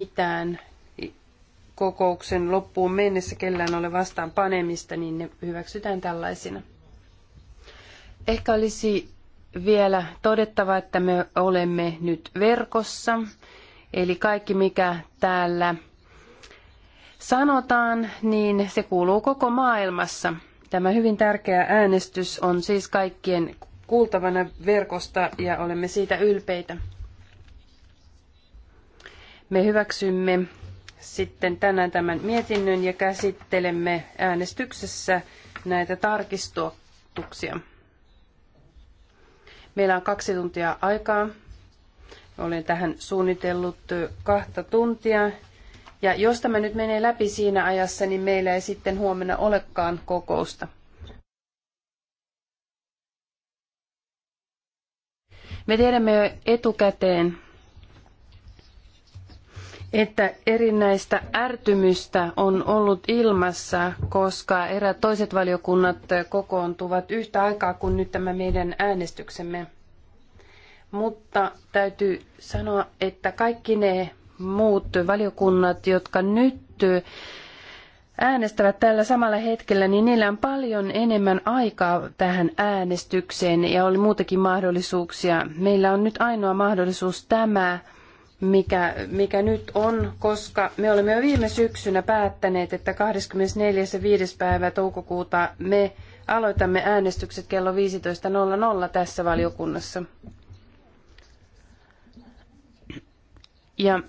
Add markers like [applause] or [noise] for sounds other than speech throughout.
mitään kokouksen loppuun mennessä kellään ole vastaan panemista, niin ne hyväksytään tällaisina. Ehkä olisi vielä todettava, että me olemme nyt verkossa, eli kaikki mikä täällä sanotaan, niin se kuuluu koko maailmassa. Tämä hyvin tärkeä äänestys on siis kaikkien kuultavana verkosta ja olemme siitä ylpeitä. Me hyväksymme sitten tänään tämän mietinnön ja käsittelemme äänestyksessä näitä tarkistuksia. Meillä on kaksi tuntia aikaa. Olen tähän suunnitellut kahta tuntia. Ja jos tämä nyt menee läpi siinä ajassa, niin meillä ei sitten huomenna olekaan kokousta. Me tiedämme etukäteen, että erinäistä ärtymystä on ollut ilmassa, koska erät toiset valiokunnat kokoontuvat yhtä aikaa kuin nyt tämä meidän äänestyksemme. Mutta täytyy sanoa, että kaikki ne muut valiokunnat, jotka nyt äänestävät tällä samalla hetkellä, niin niillä on paljon enemmän aikaa tähän äänestykseen ja oli muutakin mahdollisuuksia. Meillä on nyt ainoa mahdollisuus tämä mikä, mikä nyt on, koska me olemme jo viime syksynä päättäneet, että 24. ja 5. päivä toukokuuta me aloitamme äänestykset kello 15.00 tässä valiokunnassa. Ja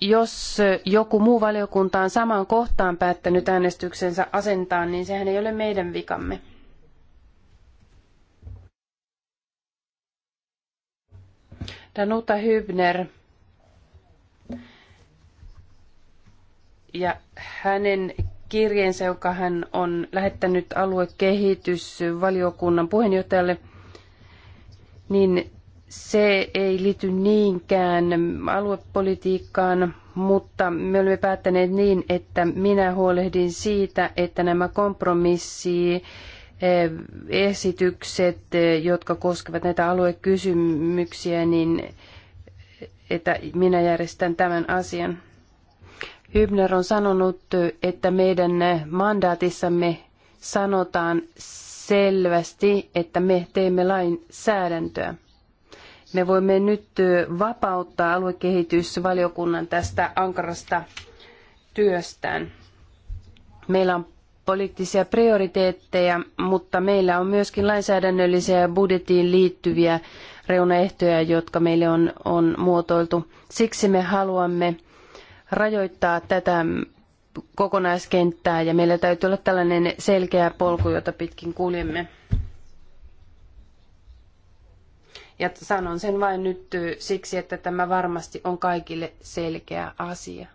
jos joku muu valiokunta on samaan kohtaan päättänyt äänestyksensä asentaa, niin sehän ei ole meidän vikamme. Danuta Hübner ja hänen kirjeensä, joka hän on lähettänyt aluekehitysvaliokunnan puheenjohtajalle, niin se ei liity niinkään aluepolitiikkaan, mutta me olemme päättäneet niin, että minä huolehdin siitä, että nämä kompromissi esitykset, jotka koskevat näitä aluekysymyksiä, niin että minä järjestän tämän asian. Hybner on sanonut, että meidän mandaatissamme sanotaan selvästi, että me teemme lainsäädäntöä. Me voimme nyt vapauttaa aluekehitysvaliokunnan tästä ankarasta työstään. Meillä on poliittisia prioriteetteja, mutta meillä on myöskin lainsäädännöllisiä ja budjettiin liittyviä reunaehtoja, jotka meille on, on muotoiltu. Siksi me haluamme rajoittaa tätä kokonaiskenttää ja meillä täytyy olla tällainen selkeä polku, jota pitkin kuljemme. Ja sanon sen vain nyt siksi, että tämä varmasti on kaikille selkeä asia.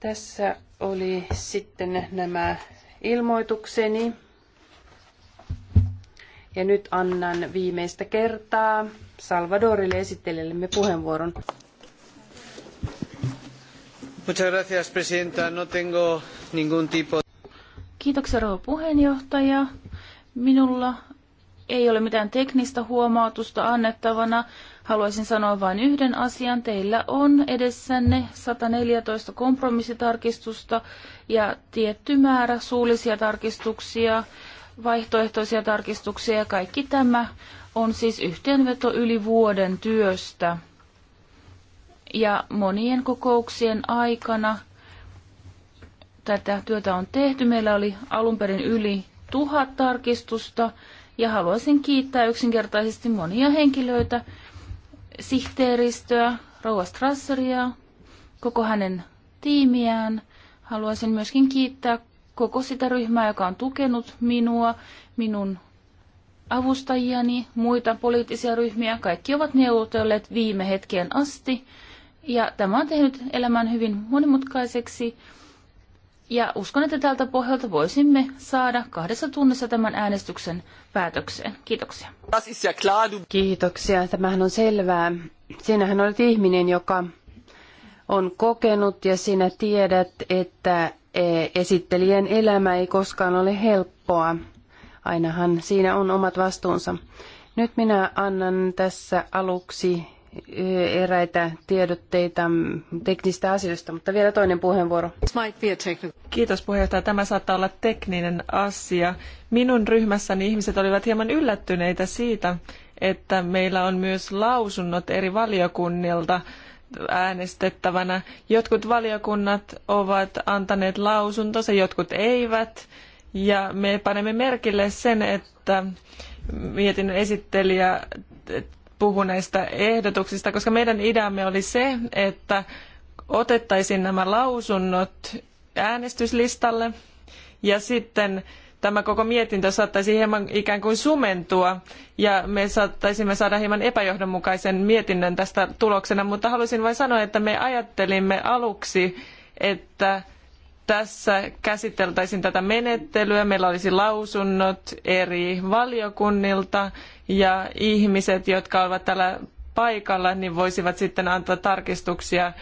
Tässä oli sitten nämä ilmoitukseni. Ja nyt annan viimeistä kertaa Salvadorille esittelijällemme puheenvuoron. No Kiitoksia, rouva puheenjohtaja. Minulla ei ole mitään teknistä huomautusta annettavana. Haluaisin sanoa vain yhden asian. Teillä on edessänne 114 kompromissitarkistusta ja tietty määrä suullisia tarkistuksia, vaihtoehtoisia tarkistuksia ja kaikki tämä on siis yhteenveto yli vuoden työstä ja monien kokouksien aikana tätä työtä on tehty. Meillä oli alun perin yli tuhat tarkistusta ja haluaisin kiittää yksinkertaisesti monia henkilöitä, sihteeristöä, Rouva Strasseria, koko hänen tiimiään. Haluaisin myöskin kiittää koko sitä ryhmää, joka on tukenut minua, minun avustajiani, muita poliittisia ryhmiä. Kaikki ovat neuvotelleet viime hetkeen asti ja tämä on tehnyt elämän hyvin monimutkaiseksi. Ja uskon, että tältä pohjalta voisimme saada kahdessa tunnissa tämän äänestyksen päätökseen. Kiitoksia. Kiitoksia. Tämähän on selvää. Sinähän olet ihminen, joka on kokenut ja sinä tiedät, että e, esittelijän elämä ei koskaan ole helppoa. Ainahan siinä on omat vastuunsa. Nyt minä annan tässä aluksi eräitä tiedotteita teknistä asioista, mutta vielä toinen puheenvuoro. Kiitos puheenjohtaja. Tämä saattaa olla tekninen asia. Minun ryhmässäni ihmiset olivat hieman yllättyneitä siitä, että meillä on myös lausunnot eri valiokunnilta äänestettävänä. Jotkut valiokunnat ovat antaneet lausuntonsa, jotkut eivät. Ja me panemme merkille sen, että mietinnön esittelijä puhuneista ehdotuksista, koska meidän ideamme oli se, että otettaisiin nämä lausunnot äänestyslistalle ja sitten tämä koko mietintö saattaisi hieman ikään kuin sumentua ja me saattaisimme saada hieman epäjohdonmukaisen mietinnön tästä tuloksena, mutta halusin vain sanoa, että me ajattelimme aluksi, että tässä käsiteltäisiin tätä menettelyä. Meillä olisi lausunnot eri valiokunnilta ja ihmiset, jotka ovat täällä paikalla, niin voisivat sitten antaa tarkistuksia.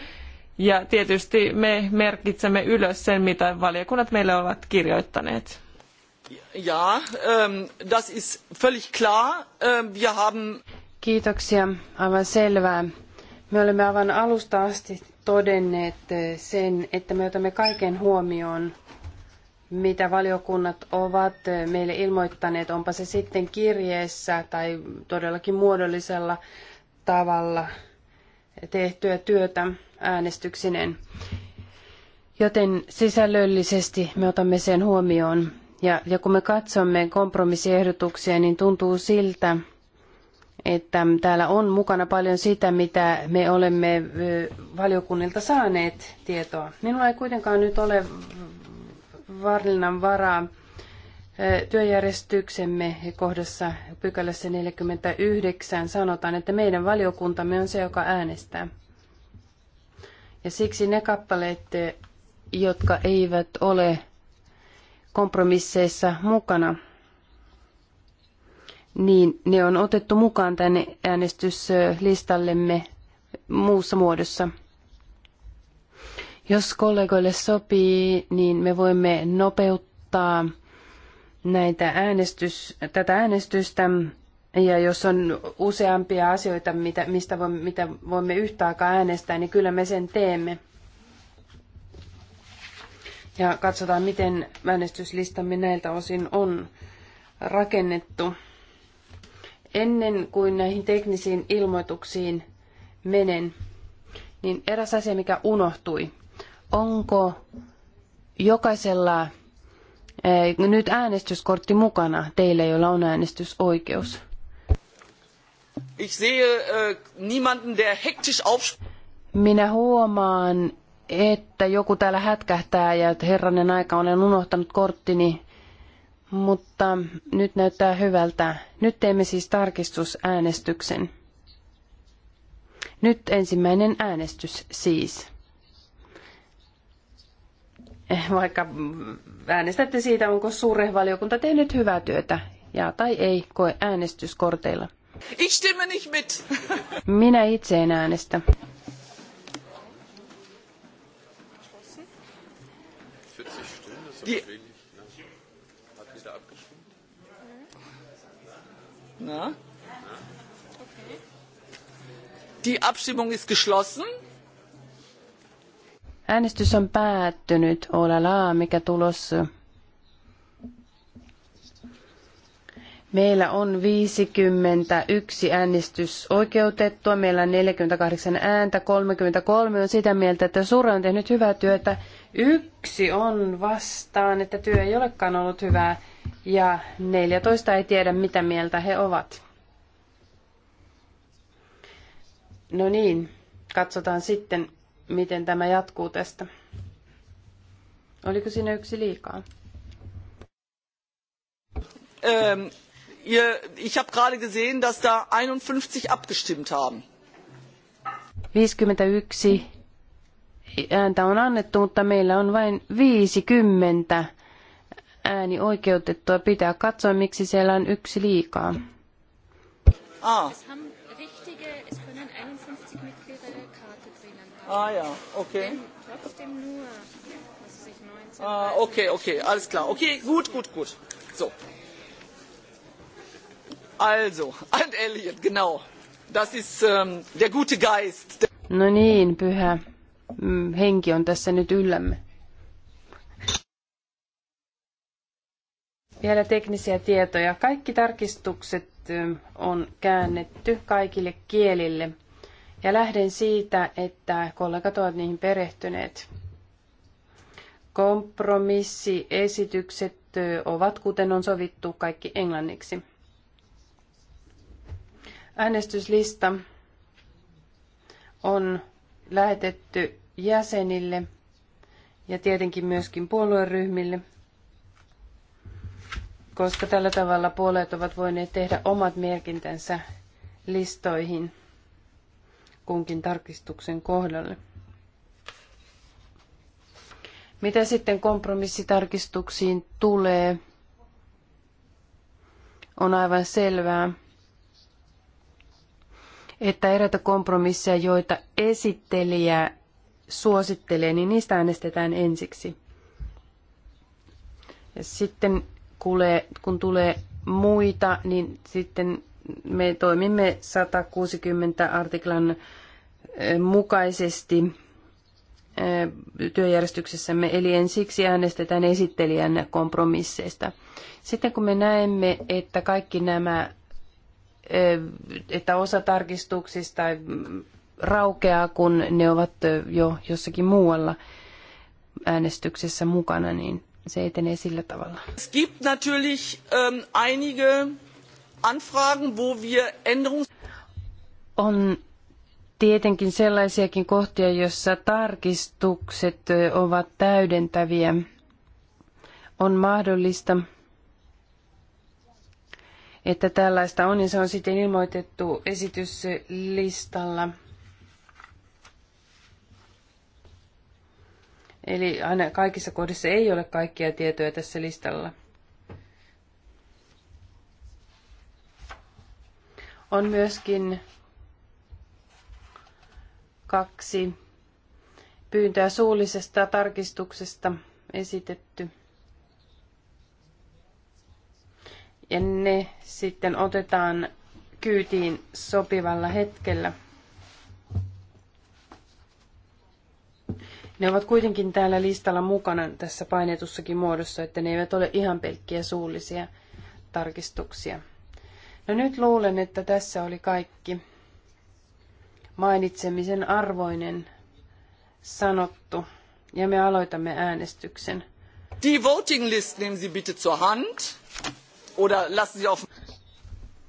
Ja tietysti me merkitsemme ylös sen, mitä valiokunnat meille ovat kirjoittaneet. Ja, ähm, das ist völlig klar. Ähm, wir haben... Kiitoksia, aivan selvää. Me olemme aivan alusta asti todenneet äh, sen, että me otamme kaiken huomioon mitä valiokunnat ovat meille ilmoittaneet, onpa se sitten kirjeessä tai todellakin muodollisella tavalla tehtyä työtä äänestyksinen. Joten sisällöllisesti me otamme sen huomioon. Ja, ja kun me katsomme kompromissiehdotuksia, niin tuntuu siltä, että täällä on mukana paljon sitä, mitä me olemme valiokunnilta saaneet tietoa. Minulla ei kuitenkaan nyt ole valinnan varaa työjärjestyksemme kohdassa pykälässä 49 sanotaan, että meidän valiokuntamme on se, joka äänestää. Ja siksi ne kappaleet, jotka eivät ole kompromisseissa mukana, niin ne on otettu mukaan tänne äänestyslistallemme muussa muodossa – jos kollegoille sopii, niin me voimme nopeuttaa näitä äänestys, tätä äänestystä. Ja jos on useampia asioita, mitä, mistä voimme, mitä voimme yhtä aikaa äänestää, niin kyllä me sen teemme. Ja katsotaan, miten äänestyslistamme näiltä osin on rakennettu. Ennen kuin näihin teknisiin ilmoituksiin menen, niin eräs asia, mikä unohtui onko jokaisella eh, nyt äänestyskortti mukana teille, joilla on äänestysoikeus? Ich sehe äh, niemanden, der hektisch auf... Minä huomaan, että joku täällä hätkähtää ja että herranen aika olen unohtanut korttini, mutta nyt näyttää hyvältä. Nyt teemme siis tarkistusäänestyksen. Nyt ensimmäinen äänestys siis vaikka äänestätte siitä, onko suure valiokunta tehnyt hyvää työtä ja tai ei koe äänestyskorteilla. Ich stimme nicht mit. Minä itse en äänestä. Die Abstimmung ist geschlossen. Äänestys on päättynyt. Olala, mikä tulos? Meillä on 51 äänestysoikeutettua, meillä on 48 ääntä, 33 on sitä mieltä, että Sure on tehnyt hyvää työtä. Yksi on vastaan, että työ ei olekaan ollut hyvää ja 14 ei tiedä, mitä mieltä he ovat. No niin, katsotaan sitten, miten tämä jatkuu tästä. Oliko siinä yksi liikaa? Ähm, ihr, ich habe gerade gesehen, dass da 51 abgestimmt haben. 51 ääntä on annettu, mutta meillä on vain 50 ääni oikeutettua. Pitää katsoa, miksi siellä on yksi liikaa. Ah. Ah ja, okay. Trotzdem nur, was ich, 19. Ah, okay, okay, alles klar. Okay, gut, gut, gut. So. Also, Ant [laughs] Elliot, genau. Das ist ähm, der gute Geist. Der No niin, pyhä mm, henki on tässä nyt yllämme. Vielä teknisiä tietoja. Kaikki tarkistukset mm, on käännetty kaikille kielille. Ja lähden siitä, että kollegat ovat niihin perehtyneet. Kompromissiesitykset ovat, kuten on sovittu, kaikki englanniksi. Äänestyslista on lähetetty jäsenille ja tietenkin myöskin puolueryhmille, koska tällä tavalla puolueet ovat voineet tehdä omat merkintänsä listoihin kunkin tarkistuksen kohdalle. Mitä sitten kompromissitarkistuksiin tulee, on aivan selvää, että eräitä kompromisseja, joita esittelijä suosittelee, niin niistä äänestetään ensiksi. Ja sitten kun tulee muita, niin sitten me toimimme 160 artiklan eh, mukaisesti eh, työjärjestyksessämme, eli ensiksi äänestetään esittelijän kompromisseista. Sitten kun me näemme, että kaikki nämä, eh, että osa tarkistuksista raukeaa, kun ne ovat jo jossakin muualla äänestyksessä mukana, niin se etenee sillä tavalla. Es gibt natürlich ähm, einige Anfragen, wo wir Änderungs... On tietenkin sellaisiakin kohtia, joissa tarkistukset ovat täydentäviä. On mahdollista, että tällaista on ja se on sitten ilmoitettu esityslistalla. Eli aina kaikissa kohdissa ei ole kaikkia tietoja tässä listalla. On myöskin kaksi pyyntöä suullisesta tarkistuksesta esitetty. Ja ne sitten otetaan kyytiin sopivalla hetkellä. Ne ovat kuitenkin täällä listalla mukana tässä painetussakin muodossa, että ne eivät ole ihan pelkkiä suullisia tarkistuksia. No nyt luulen, että tässä oli kaikki mainitsemisen arvoinen sanottu. Ja me aloitamme äänestyksen. Die voting list nehmen Sie bitte zur Hand. Oder lassen Sie auf...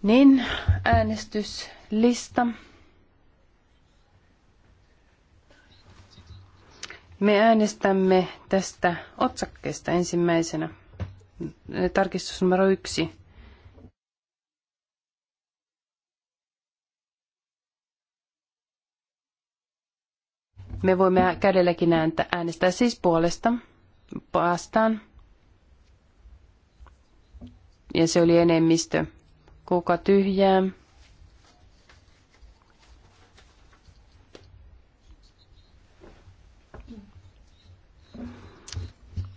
Niin, äänestyslista. Me äänestämme tästä otsakkeesta ensimmäisenä. Tarkistus numero yksi. Me voimme kädelläkin äänestää siis puolesta vastaan. Ja se oli enemmistö. Kuka tyhjää?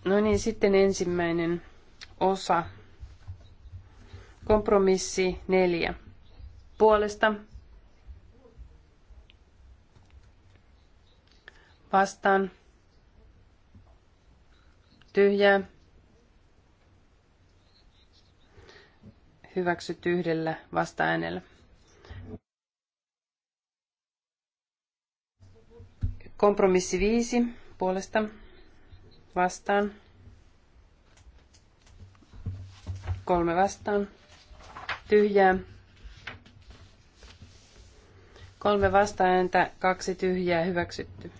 No niin, sitten ensimmäinen osa. Kompromissi neljä. Puolesta vastaan tyhjää Hyväksyt yhdellä vasta-äänellä. Kompromissi viisi puolesta vastaan. Kolme vastaan. Tyhjää. Kolme vasta-ääntä, kaksi tyhjää hyväksytty.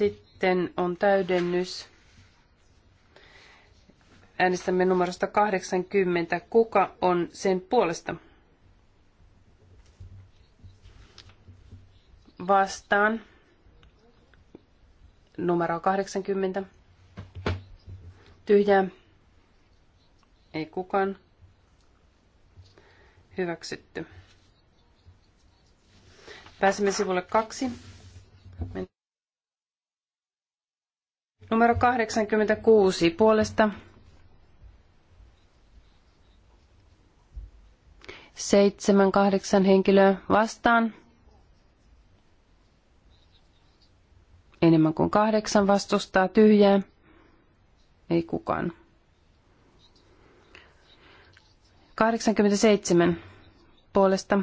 Sitten on täydennys. Äänestämme numerosta 80. Kuka on sen puolesta? Vastaan. Numero 80. Tyhjää. Ei kukaan. Hyväksytty. Pääsemme sivulle kaksi. Numero 86 puolesta. Seitsemän, kahdeksan henkilöä vastaan. Enemmän kuin kahdeksan vastustaa tyhjää. Ei kukaan. 87 puolesta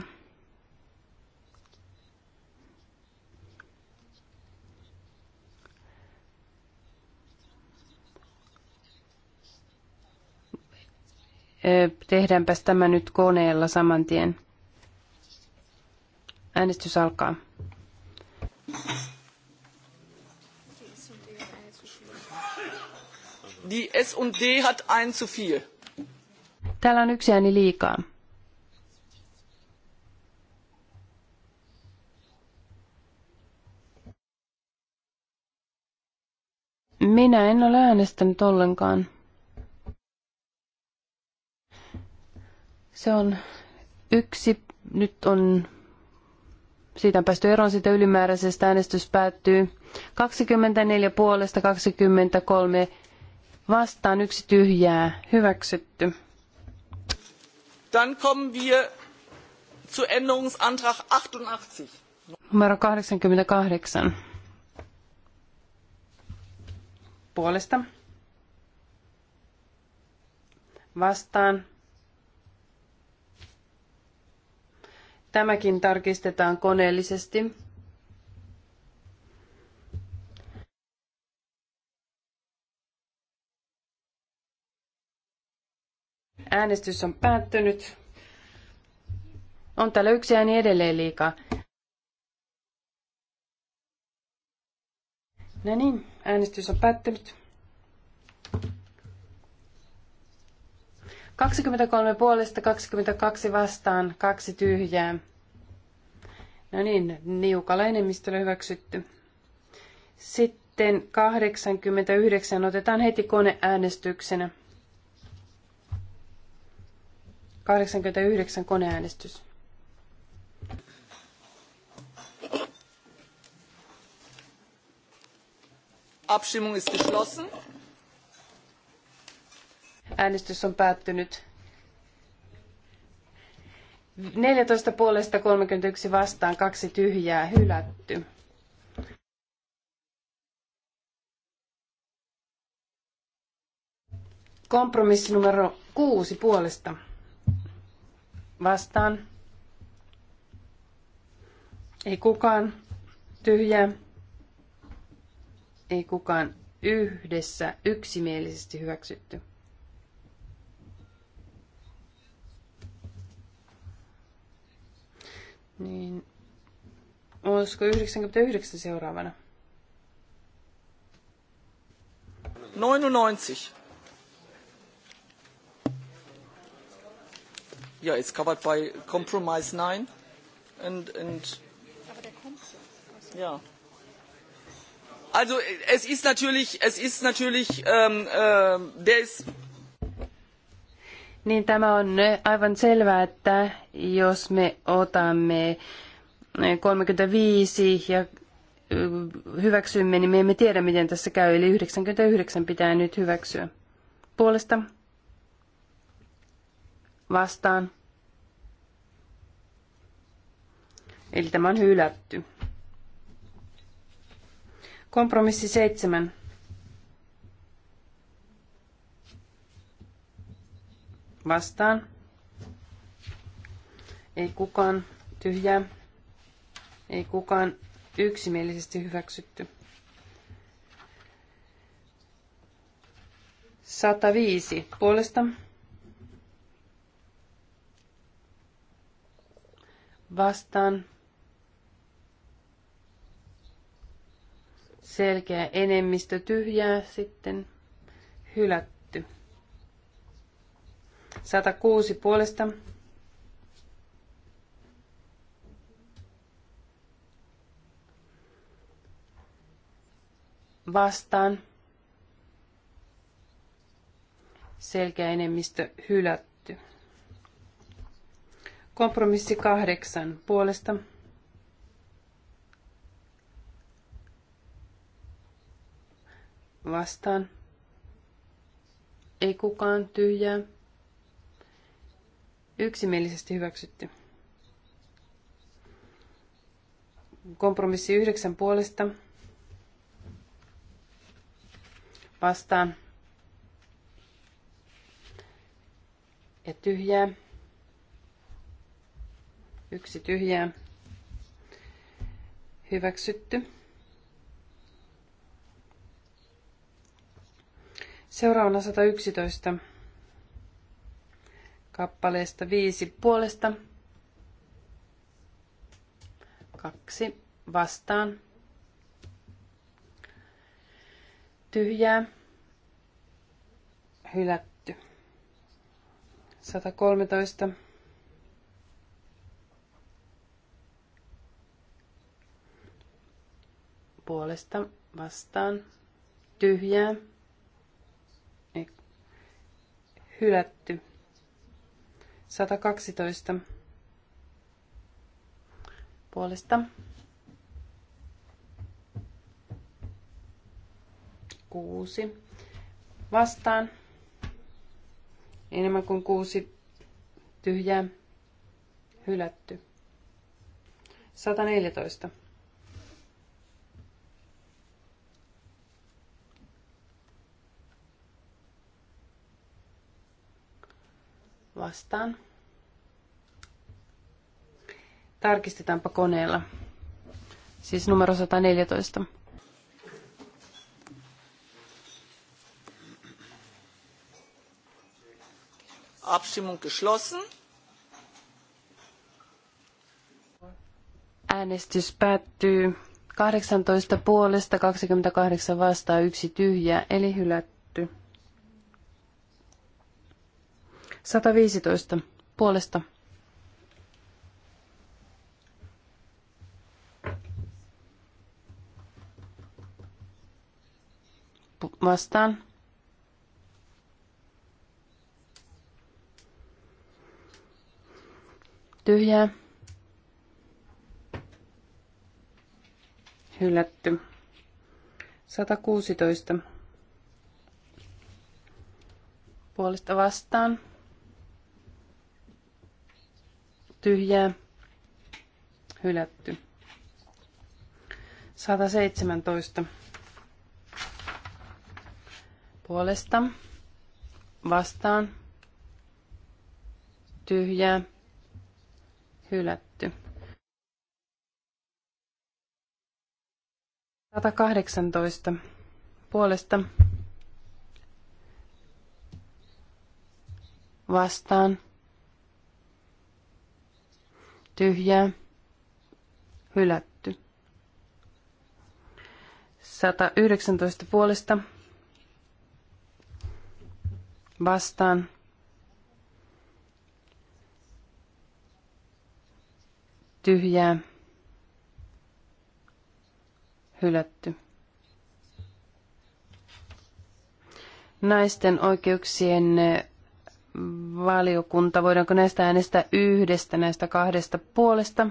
tehdäänpäs tämä nyt koneella saman tien. Äänestys alkaa. Die S&D hat ein zu viel. Täällä on yksi ääni liikaa. Minä en ole äänestänyt ollenkaan. Se on yksi. Nyt on siitä on päästy eroon siitä ylimääräisestä. Äänestys päättyy 24 puolesta 23 vastaan yksi tyhjää. Hyväksytty. Dann kommen wir zu Änderungsantrag 88. Numero 88. Puolesta. Vastaan Tämäkin tarkistetaan koneellisesti. Äänestys on päättynyt. On täällä yksi ääni edelleen liikaa. No niin, äänestys on päättynyt. 23 puolesta, 22 vastaan, kaksi tyhjää. No niin, niukalla enemmistöllä hyväksytty. Sitten 89 otetaan heti koneäänestyksenä. 89 koneäänestys. Abstimmung ist geschlossen. Äänestys on päättynyt. 14 puolesta 31 vastaan, kaksi tyhjää, hylätty. Kompromissi numero kuusi puolesta. Vastaan. Ei kukaan. Tyhjää. Ei kukaan. Yhdessä yksimielisesti hyväksytty. Niin, olisiko 99 seuraavana? 99. Ja, yeah, it's covered by compromise 9 and and ja. Also es ist natürlich, es ist natürlich, ähm, äh, der ist niin tämä on aivan selvää, että jos me otamme 35 ja hyväksymme, niin me emme tiedä, miten tässä käy. Eli 99 pitää nyt hyväksyä. Puolesta vastaan. Eli tämä on hylätty. Kompromissi 7 vastaan. Ei kukaan tyhjä Ei kukaan yksimielisesti hyväksytty. 105 puolesta. Vastaan. Selkeä enemmistö tyhjää sitten hylätty. 106 puolesta. Vastaan. Selkeä enemmistö hylätty. Kompromissi kahdeksan puolesta. Vastaan. Ei kukaan tyhjää yksimielisesti hyväksytty. Kompromissi yhdeksän puolesta vastaan ja tyhjää. Yksi tyhjää. Hyväksytty. Seuraavana 111 kappaleesta viisi puolesta. Kaksi vastaan. Tyhjää. Hylätty. 113. Puolesta vastaan. Tyhjää. Hylätty. 112 puolesta. 6 vastaan. Enemmän kuin 6 tyhjää hylätty. 114 vastaan. Tarkistetaanpa koneella. Siis numero 114. Abstimmung geschlossen. Äänestys päättyy 18 puolesta 28 vastaa yksi tyhjä, eli hylätty. 115 puolesta vastaan. Tyhjää. Hylätty. 116. Puolesta vastaan. tyhjää, hylätty. 117 puolesta vastaan tyhjää hylätty. 118 puolesta vastaan tyhjää, hylätty. 119 puolesta vastaan. Tyhjää. Hylätty. Naisten oikeuksien valiokunta. Voidaanko näistä äänestää yhdestä näistä kahdesta puolesta?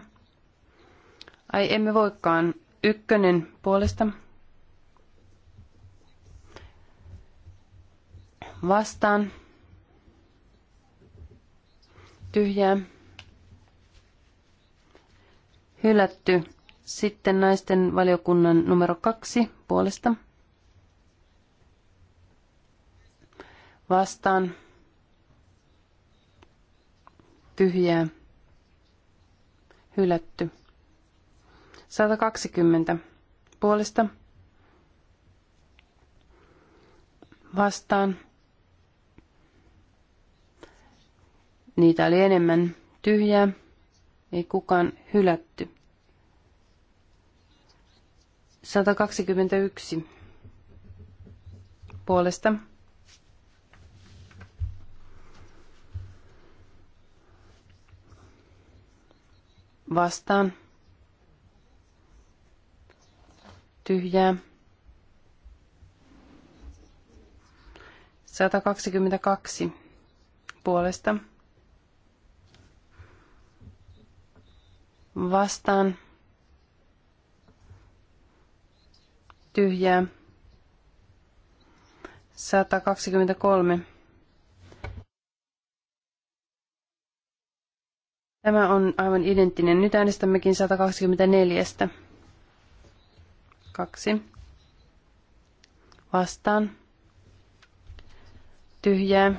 Ai emme voikaan. Ykkönen puolesta. Vastaan. Tyhjää. Hylätty. Sitten naisten valiokunnan numero kaksi puolesta. Vastaan tyhjää, hylätty. 120 puolesta vastaan. Niitä oli enemmän tyhjää, ei kukaan hylätty. 121 puolesta vastaan tyhjää. 122 puolesta vastaan tyhjää. 123 Tämä on aivan identtinen. Nyt äänestämmekin 124. Kaksi. Vastaan. Tyhjää.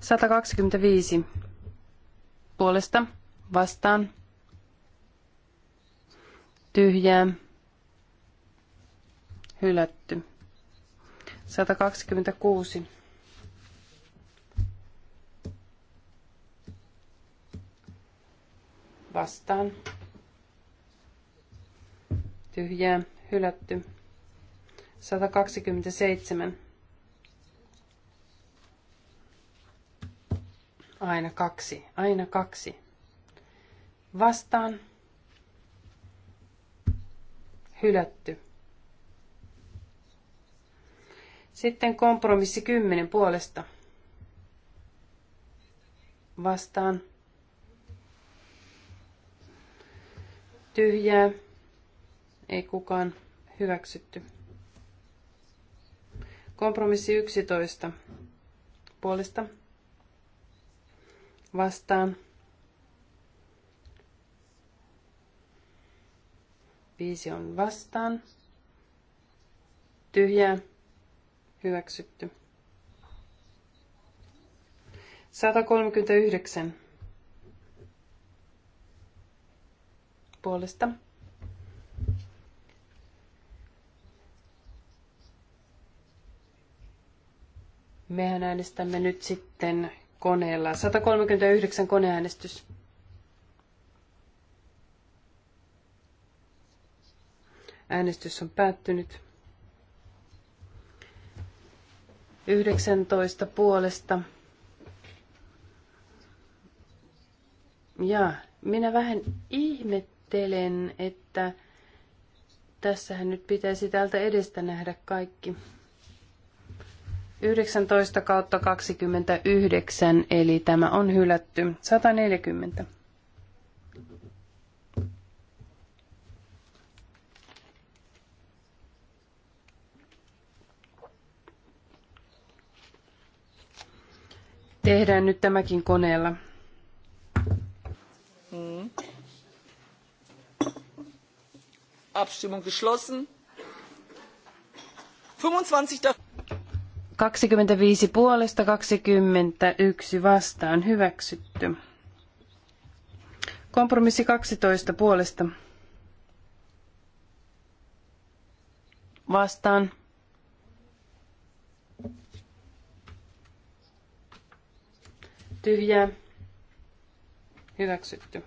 125. Puolesta. Vastaan. Tyhjää. Hylätty. 126 vastaan. Tyhjää, hylätty. 127. Aina kaksi, aina kaksi. Vastaan. Hylätty. Sitten kompromissi kymmenen puolesta. Vastaan tyhjää, ei kukaan hyväksytty. Kompromissi 11 puolesta vastaan. 5 on vastaan. Tyhjää. Hyväksytty. 139 puolesta. Mehän äänestämme nyt sitten koneella. 139 koneäänestys. Äänestys on päättynyt. 19 puolesta. Ja minä vähän ihmettelen ajattelen, että tässähän nyt pitäisi täältä edestä nähdä kaikki. 19 kautta 29, eli tämä on hylätty. 140. Tehdään nyt tämäkin koneella. Mm. Abstimmung geschlossen. 25 25 puolesta 21 vastaan hyväksytty. Kompromissi 12 puolesta. Vastaan. Tyhjää. Hyväksytty.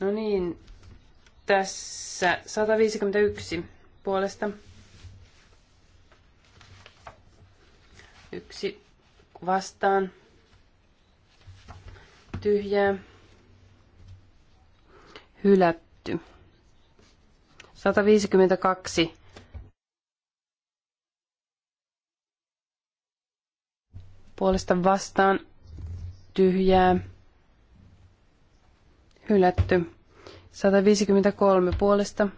No niin, tässä 151 puolesta. Yksi vastaan. Tyhjää. Hylätty. 152 puolesta vastaan tyhjää hylätty. 153 puolesta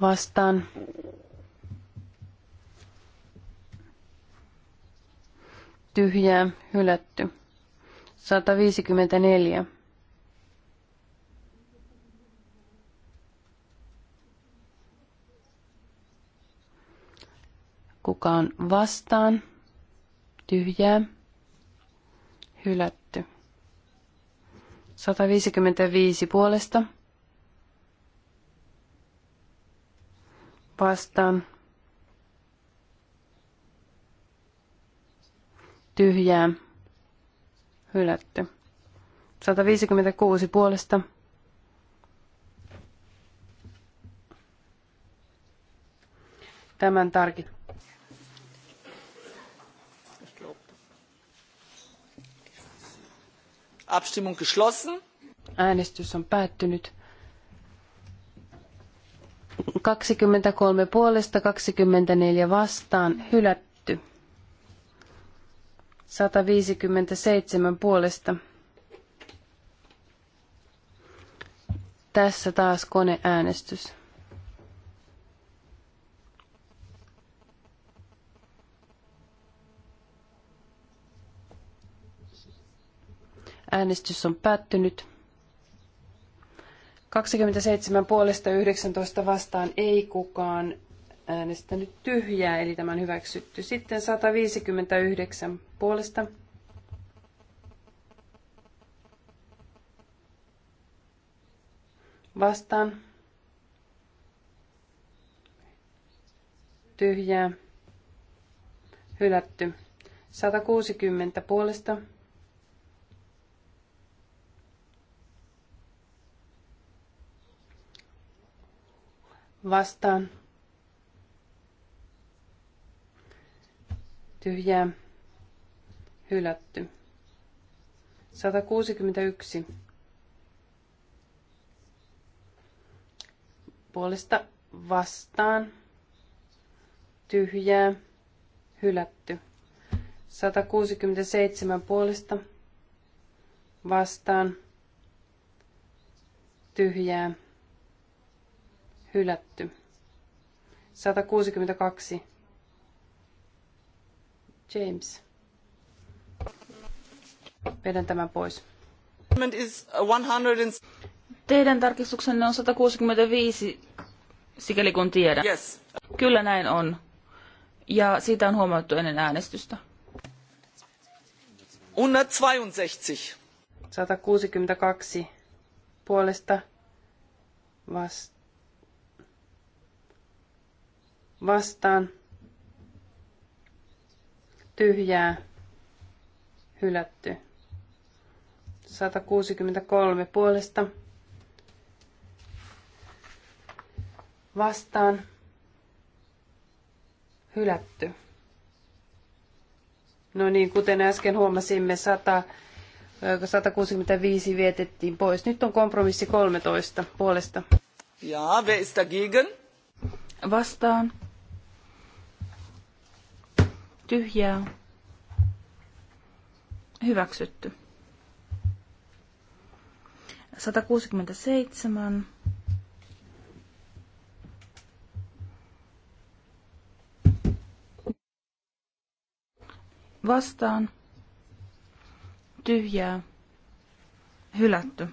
vastaan. Tyhjää hylätty. 154. Kuka on vastaan? Tyhjää hylätty. 155 puolesta vastaan tyhjää hylätty. 156 puolesta tämän tarkittaa. Abstimmung geschlossen. Äänestys on päättynyt. 23 puolesta 24 vastaan hylätty. 157 puolesta. Tässä taas koneäänestys. Äänestys on päättynyt. 27 puolesta 19 vastaan ei kukaan äänestänyt tyhjää, eli tämän hyväksytty. Sitten 159 puolesta. Vastaan. Tyhjää. Hylätty. 160 puolesta. vastaan. Tyhjää. Hylätty. 161. Puolesta vastaan. Tyhjää. Hylätty. 167 puolesta vastaan tyhjää hylätty. 162. James. Vedän tämän pois. Teidän tarkistuksenne on 165, sikäli kun tiedän. Yes. Kyllä näin on. Ja siitä on huomattu ennen äänestystä. 162. 162 puolesta vastaan vastaan tyhjää hylätty. 163 puolesta vastaan hylätty. No niin, kuten äsken huomasimme, 100, 165 vietettiin pois. Nyt on kompromissi 13 puolesta. Ja, wer ist dagegen? Vastaan tyhjää, hyväksytty. 167. Vastaan, tyhjää, hylätty.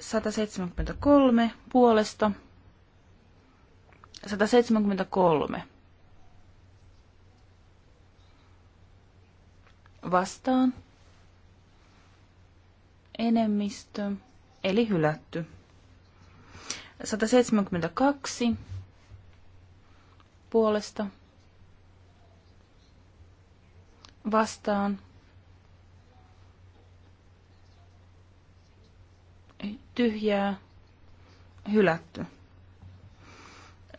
173 puolesta 173 vastaan enemmistö eli hylätty. 172 puolesta vastaan tyhjää hylätty.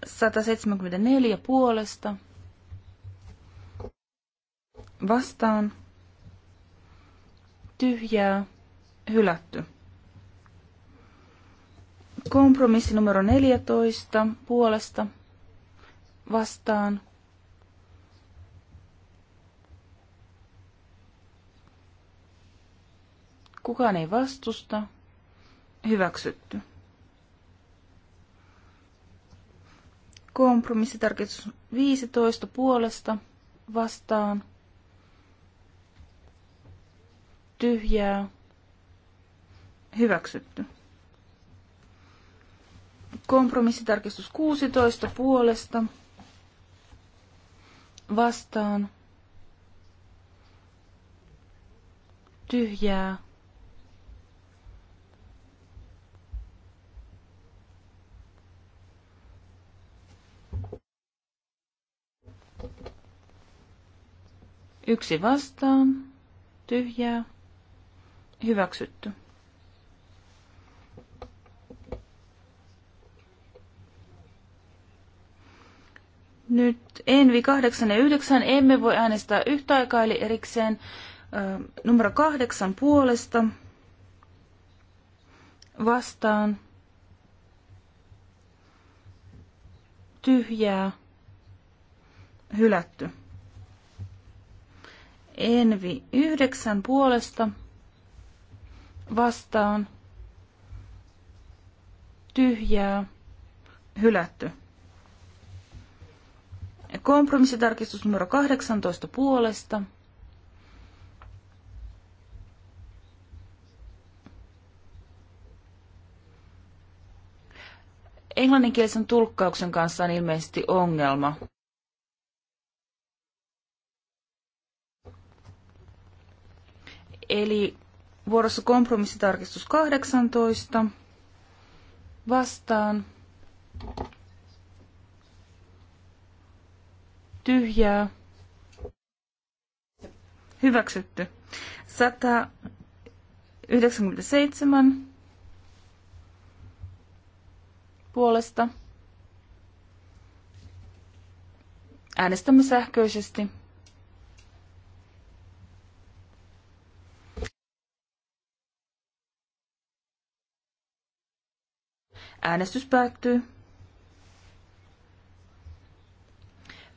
174 puolesta vastaan tyhjää hylätty. Kompromissi numero 14 puolesta vastaan Kukaan ei vastusta. Hyväksytty. Kompromissitarkistus 15 puolesta vastaan. Tyhjää. Hyväksytty. Kompromissitarkistus 16 puolesta vastaan. Tyhjää. Yksi vastaan. Tyhjää. Hyväksytty. Nyt Envi 8 ja 9 emme voi äänestää yhtä aikaa, eli erikseen ö, numero 8 puolesta vastaan tyhjää hylätty. Envi 9 puolesta vastaan tyhjää hylätty. Kompromissitarkistus numero 18 puolesta. Englanninkielisen tulkkauksen kanssa on ilmeisesti ongelma. Eli vuorossa kompromissitarkistus 18 vastaan tyhjää hyväksytty 197 puolesta äänestämme sähköisesti. Äänestys päättyy.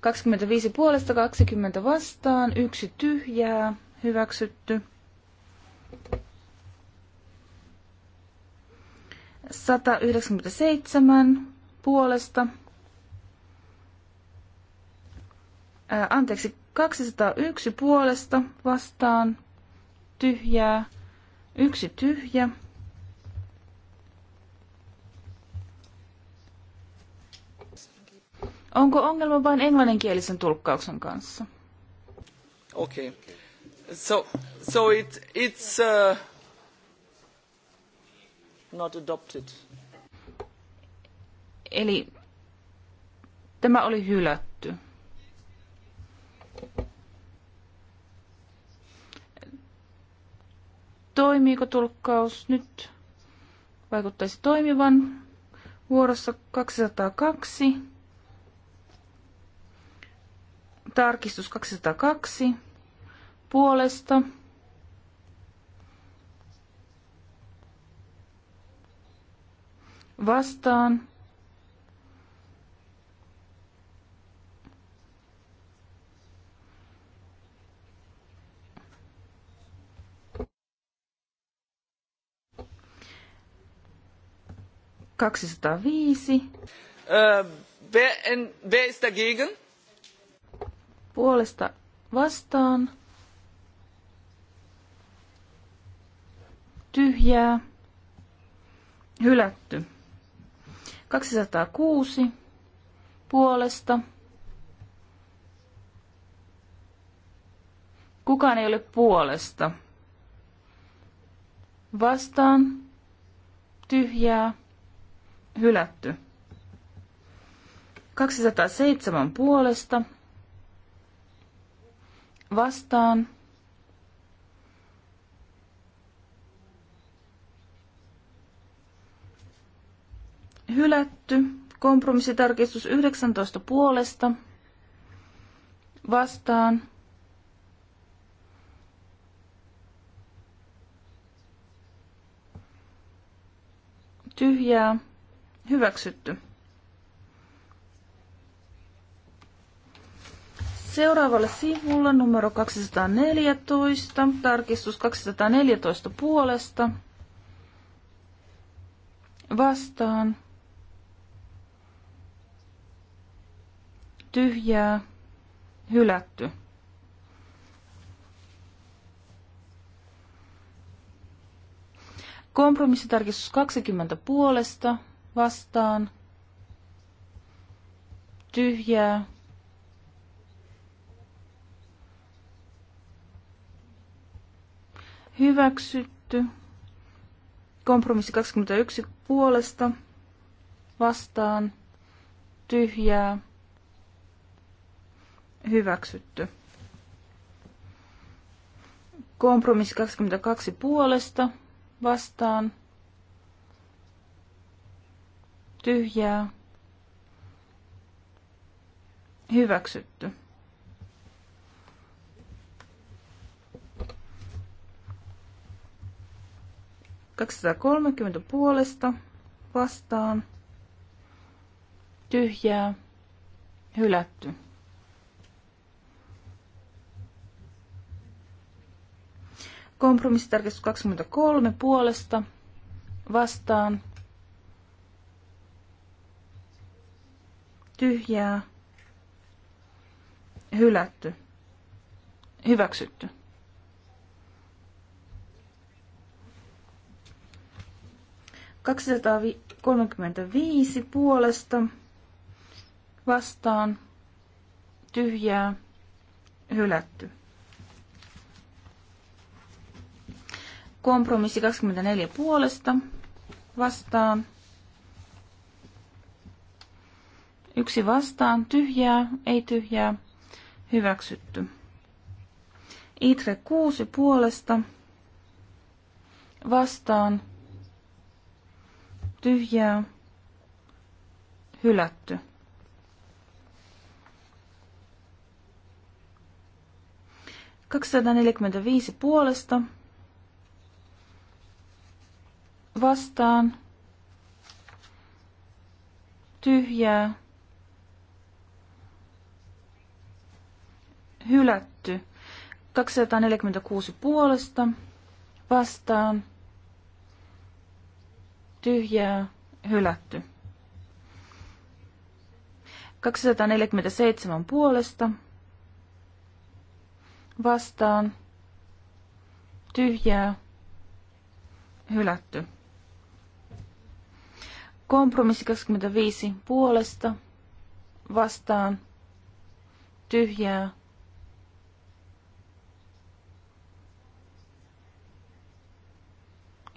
25 puolesta 20 vastaan, yksi tyhjää, hyväksytty. 197 puolesta. Ää, anteeksi, 201 puolesta vastaan, tyhjää, yksi tyhjä, Onko ongelma vain englanninkielisen tulkkauksen kanssa? Okei. Okay. So, so it, it's uh, not adopted. Eli tämä oli hylätty. Toimiiko tulkkaus nyt? Vaikuttaisi toimivan. Vuorossa 202. Tarkistus 202 puolesta. Vastaan. Kaksisataaviisi. Uh, wer, wer ist dagegen? puolesta vastaan. Tyhjää. Hylätty. 206 puolesta. Kukaan ei ole puolesta. Vastaan. Tyhjää. Hylätty. 207 puolesta vastaan. Hylätty. Kompromissitarkistus 19 puolesta vastaan. Tyhjää. Hyväksytty. Seuraavalle sivulle numero 214, tarkistus 214 puolesta. Vastaan. Tyhjää. Hylätty. Kompromissitarkistus 20 puolesta vastaan. Tyhjää. hyväksytty. Kompromissi 21 puolesta vastaan tyhjää hyväksytty. Kompromissi 22 puolesta vastaan tyhjää hyväksytty. 230 puolesta vastaan. Tyhjää. Hylätty. Kompromissitarkistus 23 puolesta vastaan. Tyhjää. Hylätty. Hyväksytty. 235 puolesta vastaan tyhjää hylätty. Kompromissi 24 puolesta vastaan. Yksi vastaan, tyhjää, ei tyhjää, hyväksytty. Itre 6 puolesta vastaan, tyhjää, hylätty. viisi puolesta vastaan tyhjää, hylätty. 246 puolesta vastaan tyhjää hylätty. 247 puolesta vastaan tyhjää hylätty. Kompromissi 25 puolesta vastaan tyhjää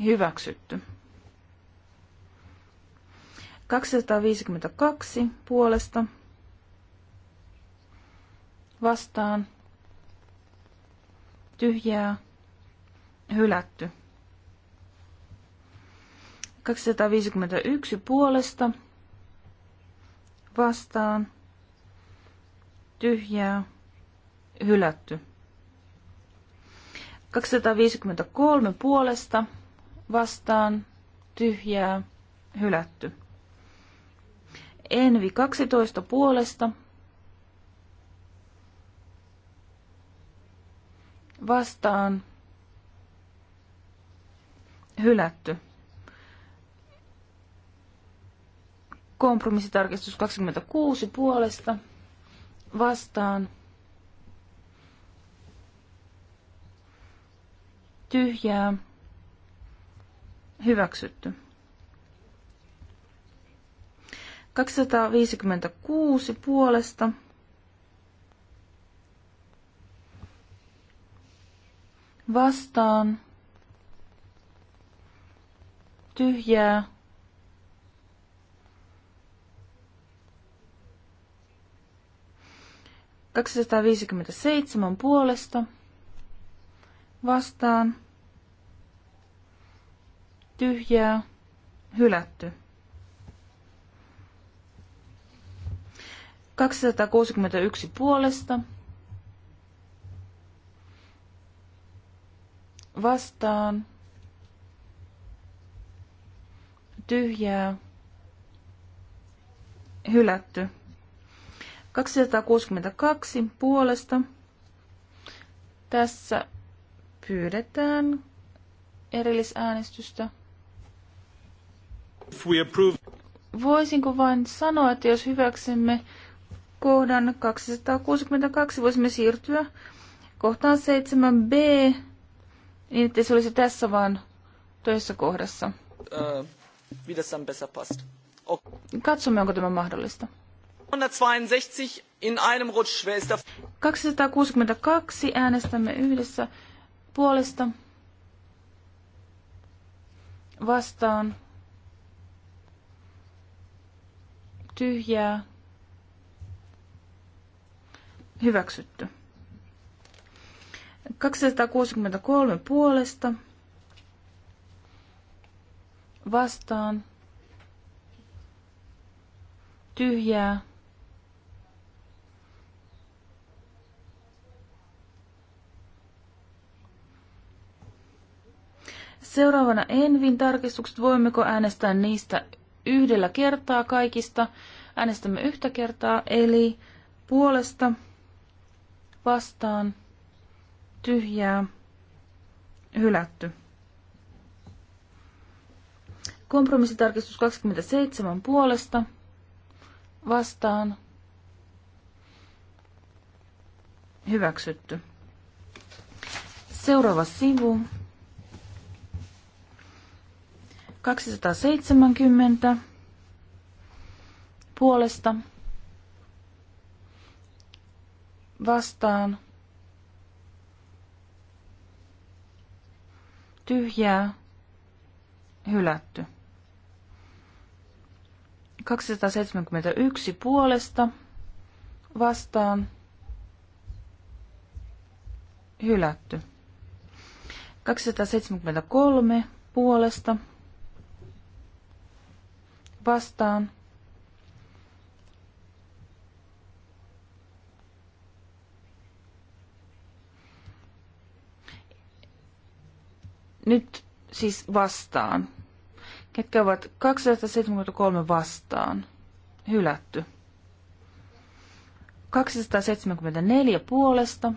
hyväksytty. 252 puolesta vastaan tyhjää hylätty. 251 puolesta vastaan tyhjää hylätty. 253 puolesta vastaan tyhjää hylätty. Envi 12 puolesta vastaan hylätty. Kompromissitarkistus 26 puolesta vastaan tyhjää hyväksytty. 256 puolesta. Vastaan. Tyhjää. Kaksisataaviisikymmentäseitsemän puolesta. Vastaan. Tyhjää. Hylätty. 261 puolesta vastaan tyhjää hylätty. 262 puolesta. Tässä pyydetään erillisäänestystä. Voisinko vain sanoa, että jos hyväksymme kohdan 262 voisimme siirtyä kohtaan 7b, niin ettei se olisi tässä vaan toisessa kohdassa. Äh, Katsomme, onko tämä mahdollista. 162 262 äänestämme yhdessä puolesta vastaan tyhjää Hyväksytty. 263 puolesta vastaan tyhjää Seuraavana Envin tarkistukset. Voimmeko äänestää niistä yhdellä kertaa kaikista? Äänestämme yhtä kertaa, eli puolesta vastaan tyhjää hylätty. Kompromissitarkistus 27 puolesta vastaan hyväksytty. Seuraava sivu. 270 puolesta vastaan tyhjää hylätty. 271 puolesta vastaan hylätty. 273 puolesta vastaan Nyt siis vastaan. Ketkä ovat 273 vastaan? Hylätty. 274 puolesta.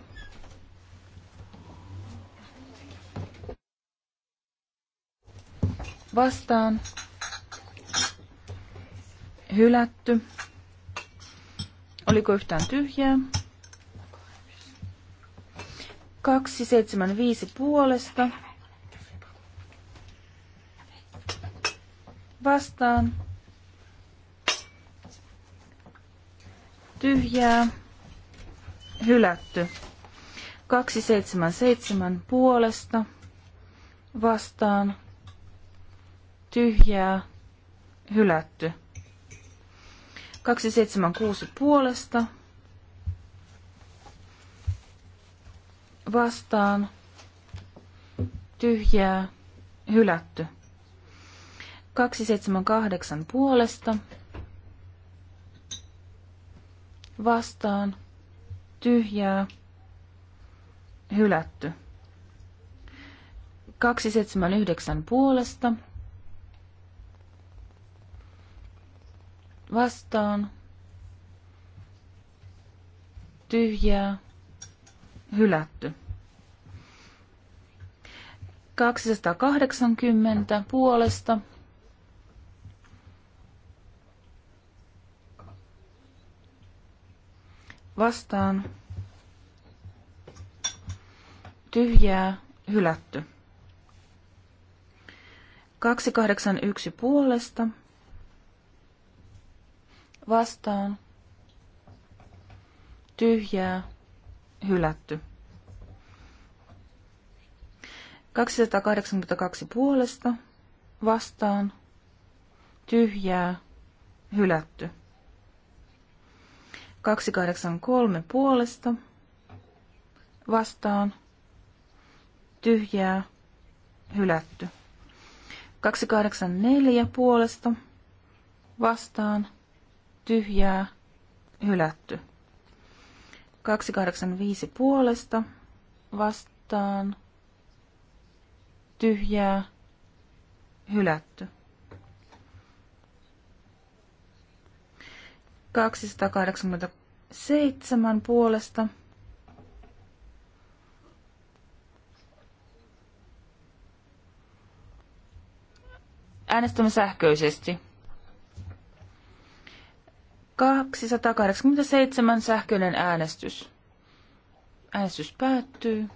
Vastaan. Hylätty. Oliko yhtään tyhjää? 275 puolesta. vastaan tyhjää hylätty. 277 puolesta vastaan tyhjää hylätty. 276 puolesta vastaan tyhjää hylätty. 278 puolesta vastaan tyhjää hylätty. 279 puolesta vastaan tyhjää hylätty. 280 puolesta vastaan tyhjää hylätty. 281 puolesta vastaan tyhjää hylätty. 282 puolesta vastaan tyhjää hylätty. 283 puolesta vastaan tyhjää hylätty. 284 puolesta vastaan tyhjää hylätty. 285 puolesta vastaan tyhjää hylätty. 287 puolesta. Äänestämme sähköisesti. 287 sähköinen äänestys. Äänestys päättyy.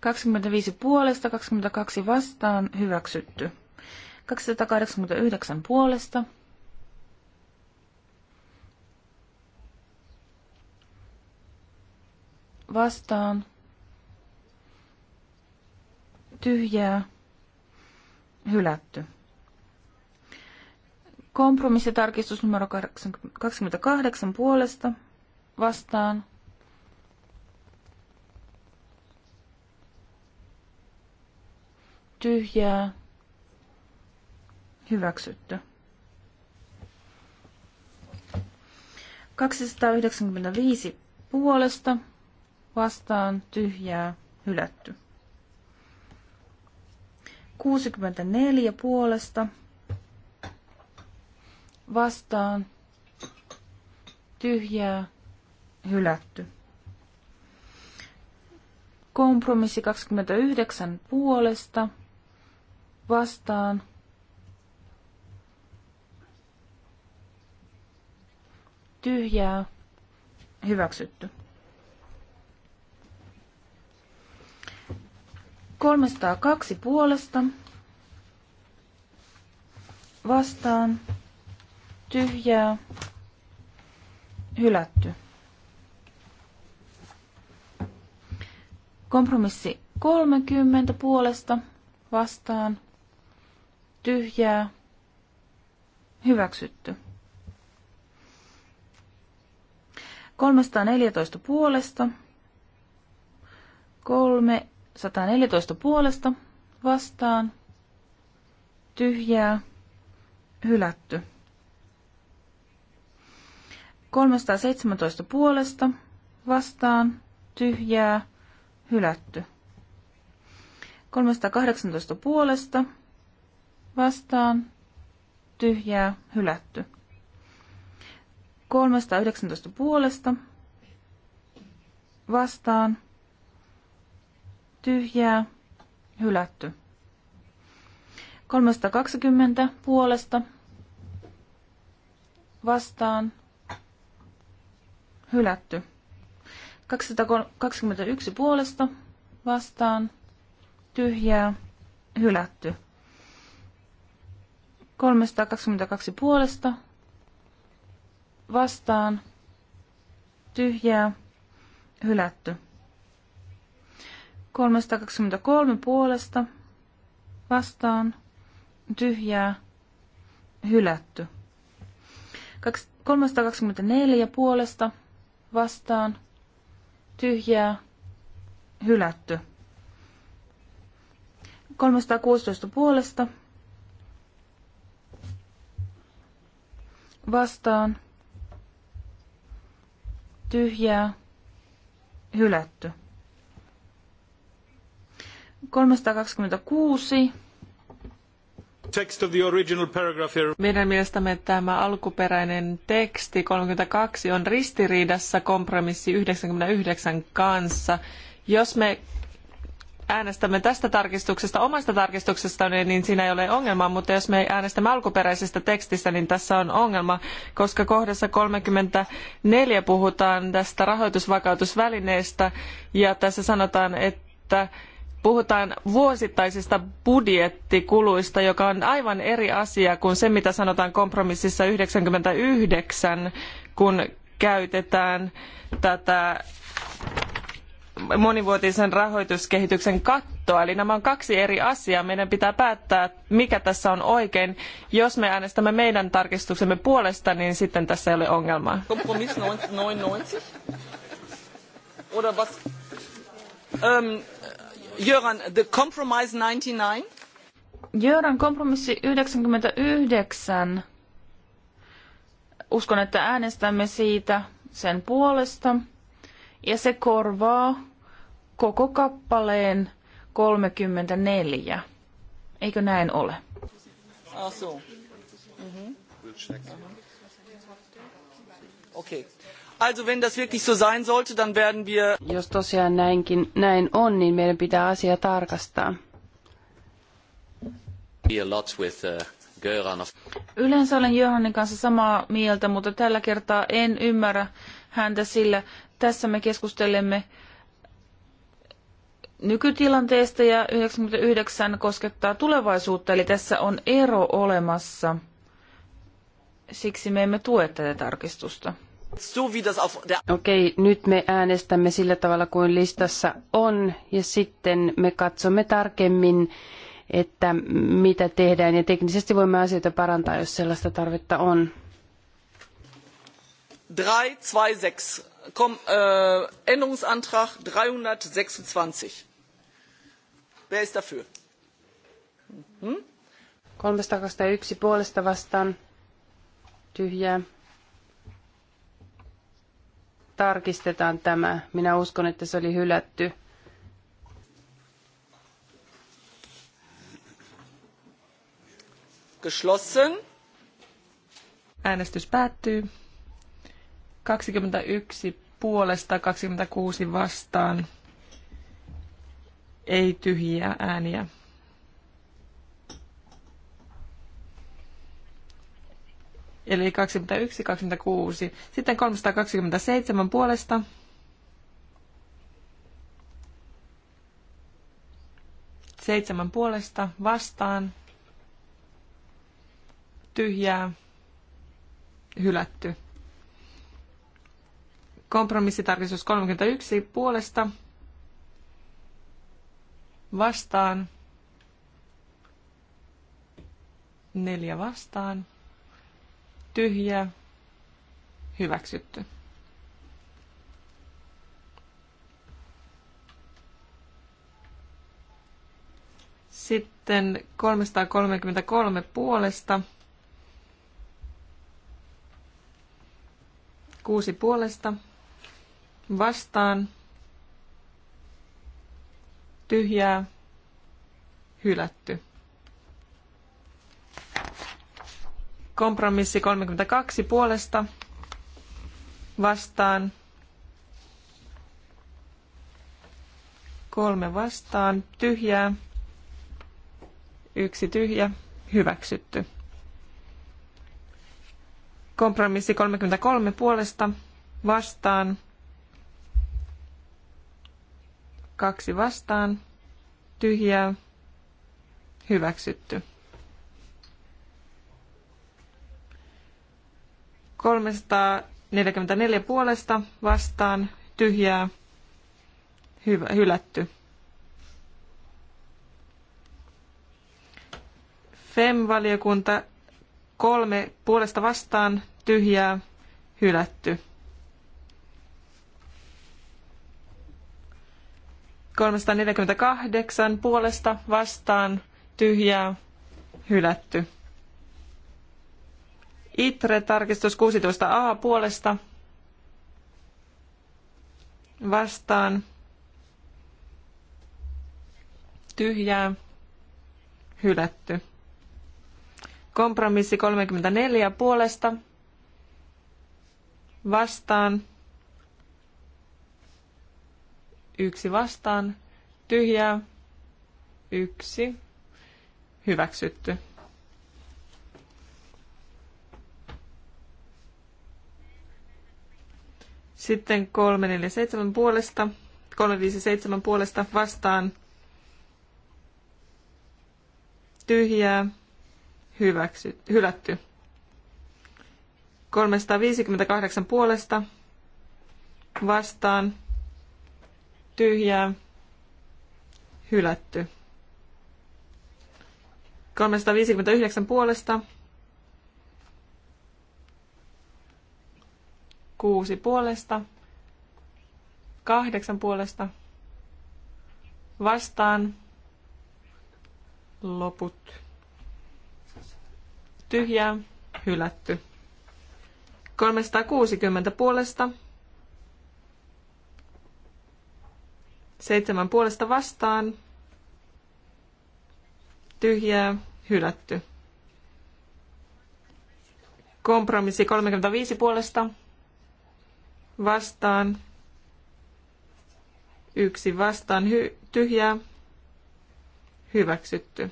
25 puolesta, 22 vastaan, hyväksytty. 289 puolesta. Vastaan. Tyhjää. Hylätty. Kompromissitarkistus numero 28 puolesta. Vastaan. Tyhjää Hyväksytty. 295 puolesta vastaan tyhjää hylätty. 64 puolesta vastaan tyhjää hylätty. Kompromissi 29 puolesta vastaan tyhjää hyväksytty. 302 puolesta vastaan tyhjää hylätty. Kompromissi 30 puolesta vastaan tyhjää hyväksytty. 314 puolesta. 314 puolesta vastaan. Tyhjää. Hylätty. 317 puolesta vastaan. Tyhjää. Hylätty. 318 puolesta vastaan tyhjää, hylätty. 319 puolesta vastaan tyhjää hylätty. 320 puolesta vastaan hylätty. 221 puolesta vastaan tyhjää hylätty. 322 puolesta vastaan tyhjää hylätty. 323 puolesta vastaan tyhjää hylätty. 324 puolesta vastaan tyhjää hylätty. 316 puolesta vastaan tyhjää, hylätty. 326. Text of the original paragraph here. Meidän mielestämme tämä alkuperäinen teksti 32 on ristiriidassa kompromissi 99 kanssa. Jos me äänestämme tästä tarkistuksesta, omasta tarkistuksesta, niin, niin siinä ei ole ongelmaa, mutta jos me äänestämme alkuperäisestä tekstistä, niin tässä on ongelma, koska kohdassa 34 puhutaan tästä rahoitusvakautusvälineestä ja tässä sanotaan, että puhutaan vuosittaisista budjettikuluista, joka on aivan eri asia kuin se, mitä sanotaan kompromississa 99, kun käytetään tätä monivuotisen rahoituskehityksen kattoa. Eli nämä on kaksi eri asiaa. Meidän pitää päättää, mikä tässä on oikein. Jos me äänestämme meidän tarkistuksemme puolesta, niin sitten tässä ei ole ongelmaa. Kompromiss 99? Ähm, Jöran, the compromise 99? Jöran kompromissi 99. Uskon, että äänestämme siitä sen puolesta ja se korvaa koko kappaleen 34. Eikö näin ole? Also. Mm-hmm. Okay. Also wenn das wirklich so sein sollte, dann werden wir Jos tosiaan näinkin näin on, niin meidän pitää asia tarkastaa. Uh, Yleensä olen Johannin kanssa samaa mieltä, mutta tällä kertaa en ymmärrä, häntä, sillä tässä me keskustelemme nykytilanteesta ja 99 koskettaa tulevaisuutta, eli tässä on ero olemassa. Siksi me emme tue tätä tarkistusta. Okei, nyt me äänestämme sillä tavalla kuin listassa on ja sitten me katsomme tarkemmin, että mitä tehdään ja teknisesti voimme asioita parantaa, jos sellaista tarvetta on. 326, äh, Änderungsantrag 326. Wer ist dafür? Hm? 321 puolesta vastaan tyhjää. Tarkistetaan tämä. Minä uskon, että se oli hylätty. Geschlossen. Äänestys päättyy. 21 puolesta, 26 vastaan. Ei tyhjiä ääniä. Eli 21, 26. Sitten 327 puolesta. Seitsemän puolesta vastaan. Tyhjää. Hylätty. Kompromissitarkistus 31 puolesta vastaan. Neljä vastaan. Tyhjä. Hyväksytty. Sitten 333 puolesta. Kuusi puolesta vastaan tyhjää hylätty. Kompromissi 32 puolesta vastaan. Kolme vastaan. Tyhjää. Yksi tyhjä. Hyväksytty. Kompromissi 33 puolesta vastaan kaksi vastaan, tyhjää, hyväksytty. 344 puolesta vastaan, tyhjää, hyvä, hylätty. FEM-valiokunta kolme puolesta vastaan, tyhjää, hylätty. 348 puolesta vastaan tyhjää hylätty. ITRE tarkistus 16a puolesta vastaan tyhjää hylätty. Kompromissi 34 puolesta vastaan Yksi vastaan. Tyhjää. Yksi. Hyväksytty. Sitten 347 puolesta, 357 puolesta vastaan tyhjää, hyväksy, hylätty. 358 puolesta vastaan tyhjää, hylätty. 359 puolesta, 6 puolesta, 8 puolesta, vastaan, loput, tyhjää, hylätty. 360 puolesta, Seitsemän puolesta vastaan. Tyhjää, hylätty. Kompromissi 35 puolesta vastaan. Yksi vastaan hy- tyhjää. Hyväksytty.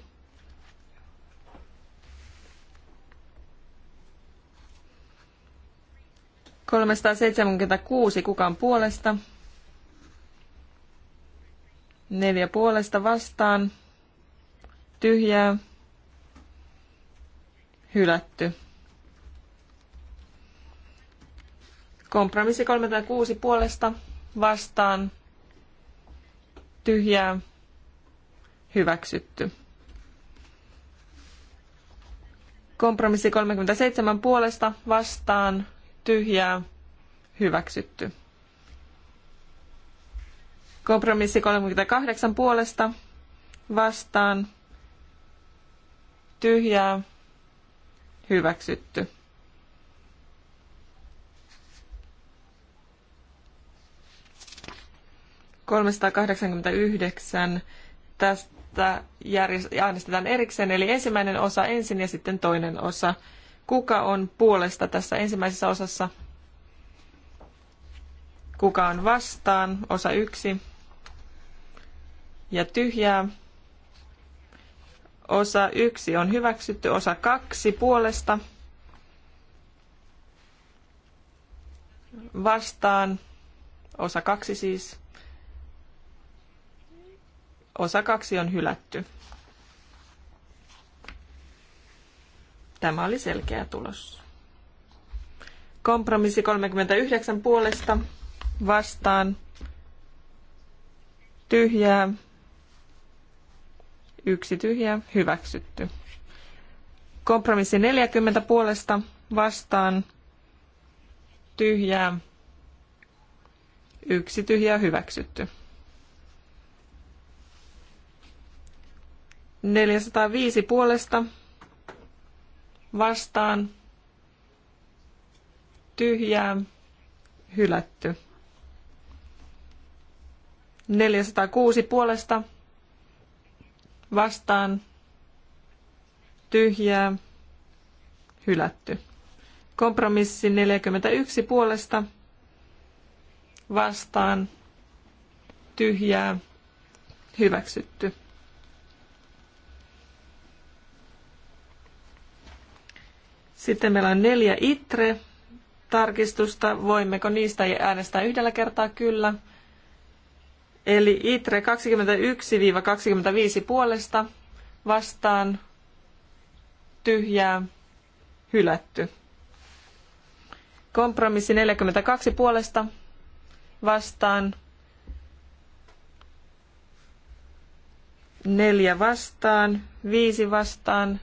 kuusi kukan puolesta Neljä puolesta vastaan. Tyhjää. Hylätty. Kompromissi 36 puolesta vastaan. Tyhjää. Hyväksytty. Kompromissi 37 puolesta vastaan. Tyhjää. Hyväksytty. Kompromissi 38 puolesta vastaan tyhjää hyväksytty. Kolmesataakahdeksankymmentäyhdeksän. Tästä äänestetään erikseen, eli ensimmäinen osa ensin ja sitten toinen osa. Kuka on puolesta tässä ensimmäisessä osassa? Kuka on vastaan? Osa yksi ja tyhjää. Osa yksi on hyväksytty, osa kaksi puolesta vastaan, osa kaksi siis. Osa kaksi on hylätty. Tämä oli selkeä tulos. Kompromissi 39 puolesta vastaan tyhjää Yksi tyhjä, hyväksytty. Kompromissi 40 puolesta vastaan tyhjää. Yksi tyhjä hyväksytty. 405 puolesta vastaan tyhjää hylätty. 406 puolesta vastaan tyhjää hylätty. Kompromissi 41 puolesta vastaan tyhjää hyväksytty. Sitten meillä on neljä itre tarkistusta. Voimmeko niistä äänestää yhdellä kertaa? Kyllä. Eli ITRE 21-25 puolesta vastaan tyhjää hylätty. Kompromissi 42 puolesta vastaan neljä vastaan, viisi vastaan,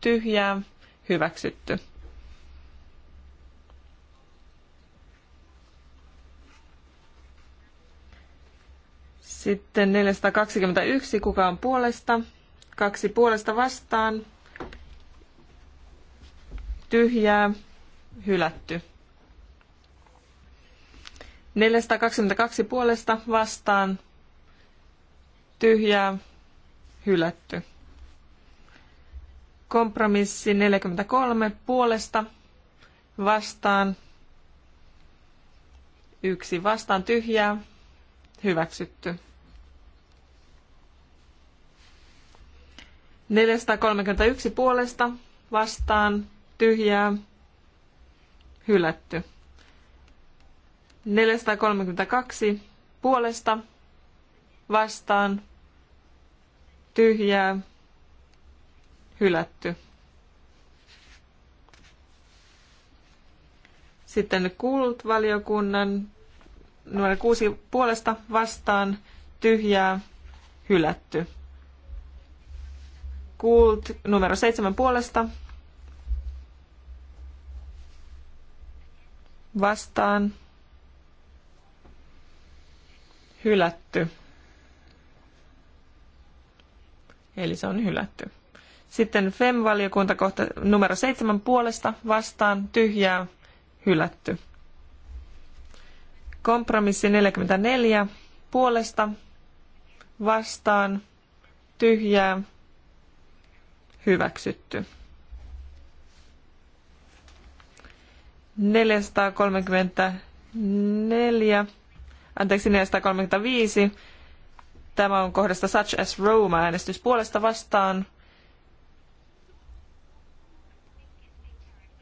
tyhjää, hyväksytty. Sitten 421, kuka on puolesta? Kaksi puolesta vastaan. Tyhjää, hylätty. 422 puolesta vastaan. Tyhjää, hylätty. Kompromissi 43 puolesta vastaan. Yksi vastaan tyhjää, hyväksytty. 431 puolesta vastaan tyhjää hylätty. 432 puolesta vastaan tyhjää hylätty. Sitten kuulut valiokunnan numero kuusi puolesta vastaan tyhjää hylätty. Kult numero seitsemän puolesta. Vastaan. Hylätty. Eli se on hylätty. Sitten FEM-valiokunta kohta numero seitsemän puolesta vastaan tyhjää hylätty. Kompromissi 44 puolesta vastaan tyhjää hyväksytty. 434, anteeksi 435. Tämä on kohdasta Such as Roma äänestys puolesta vastaan.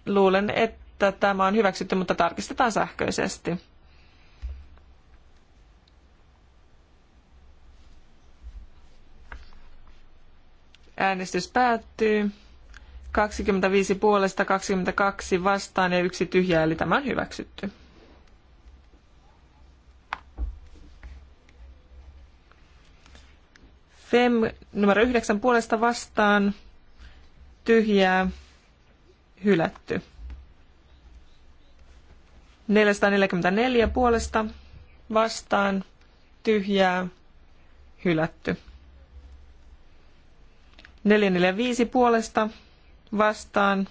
Luulen, että tämä on hyväksytty, mutta tarkistetaan sähköisesti. Äänestys päättyy. 25 puolesta, 22 vastaan ja yksi tyhjä, eli tämä on hyväksytty. FEM numero 9 puolesta vastaan, tyhjää, hylätty. 444 puolesta vastaan, tyhjää, hylätty. 445 puolesta vastaan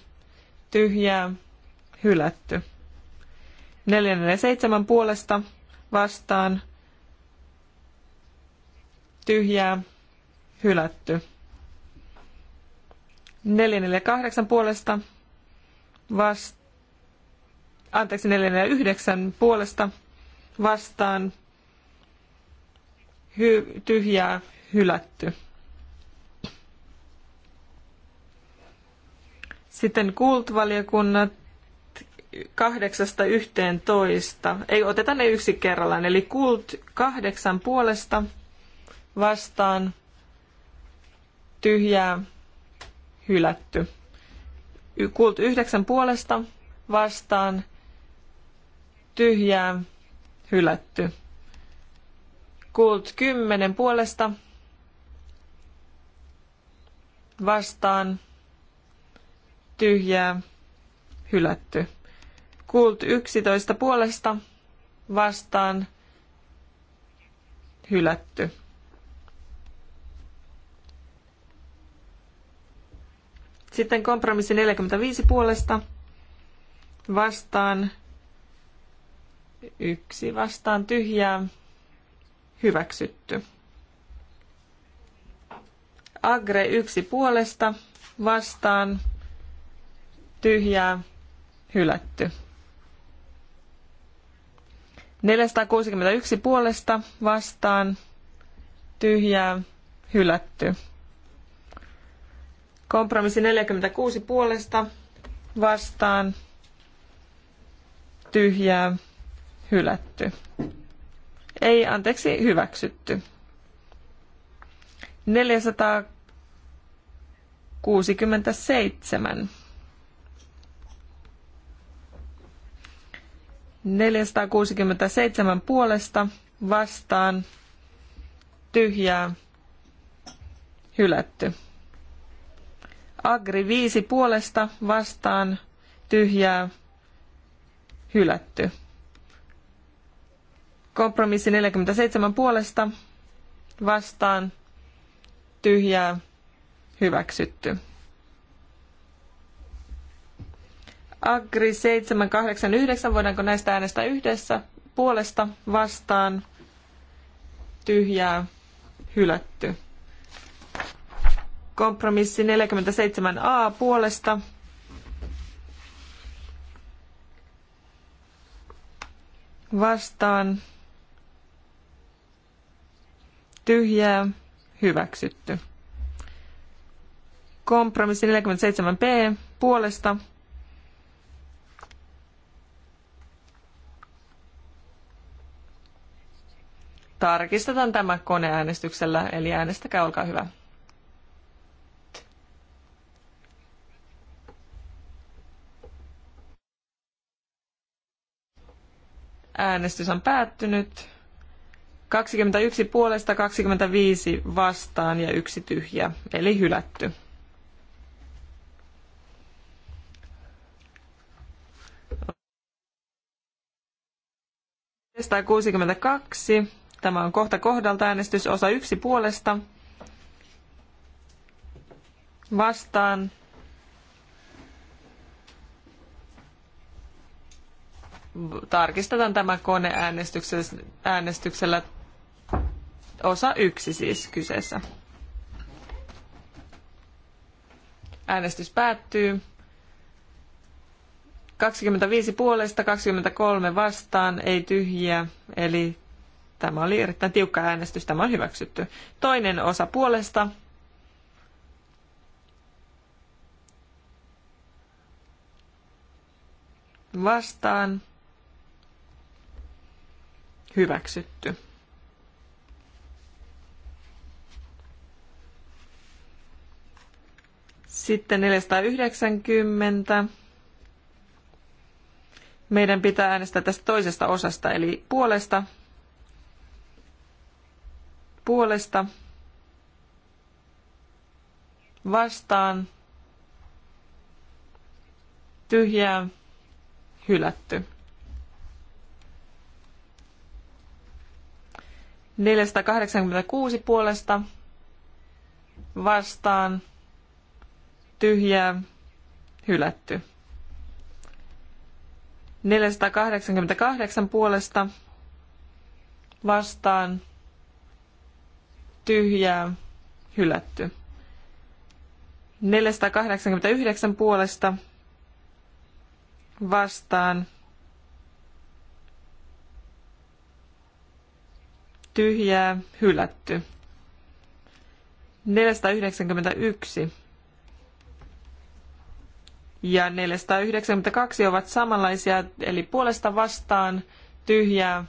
tyhjää hylätty. 447 puolesta vastaan tyhjää hylätty. 448 puolesta vast... anteeksi 449 puolesta vastaan hy... tyhjää hylätty. Sitten kahdeksasta 8-11. Ei, oteta ne yksi kerrallaan. Eli kult kahdeksan puolesta vastaan tyhjää hylätty. Kult yhdeksän puolesta vastaan tyhjää hylätty. Kult kymmenen puolesta vastaan tyhjää, hylätty. Kult 11 puolesta vastaan, hylätty. Sitten kompromissi 45 puolesta vastaan, yksi vastaan tyhjää, hyväksytty. Agre yksi puolesta vastaan, tyhjää, hylätty. 461 puolesta vastaan, tyhjää, hylätty. Kompromissi 46 puolesta vastaan, tyhjää, hylätty. Ei, anteeksi, hyväksytty. 467 467 puolesta vastaan tyhjää hylätty. Agri 5 puolesta vastaan tyhjää hylätty. Kompromissi 47 puolesta vastaan tyhjää hyväksytty. Agri 789, voidaanko näistä äänestää yhdessä? Puolesta vastaan tyhjää hylätty. Kompromissi 47a puolesta vastaan tyhjää hyväksytty. Kompromissi 47b puolesta Tarkistetaan tämä koneäänestyksellä, eli äänestäkää, olkaa hyvä. Äänestys on päättynyt. 21 puolesta 25 vastaan ja yksi tyhjä, eli hylätty. Kestää 62 Tämä on kohta kohdalta äänestys osa yksi puolesta. Vastaan. Tarkistetaan tämä koneäänestyksellä. Äänestyksellä osa yksi siis kyseessä. Äänestys päättyy. 25 puolesta, 23 vastaan, ei tyhjiä, eli Tämä oli erittäin tiukka äänestys, tämä on hyväksytty. Toinen osa puolesta. Vastaan. Hyväksytty. Sitten 490. Meidän pitää äänestää tästä toisesta osasta, eli puolesta puolesta vastaan tyhjää hylätty. 486 puolesta vastaan tyhjää hylätty. 488 puolesta vastaan tyhjää, hylätty. 489 puolesta vastaan tyhjää, hylätty. 491 ja 492 ovat samanlaisia, eli puolesta vastaan tyhjää,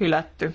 hylätty.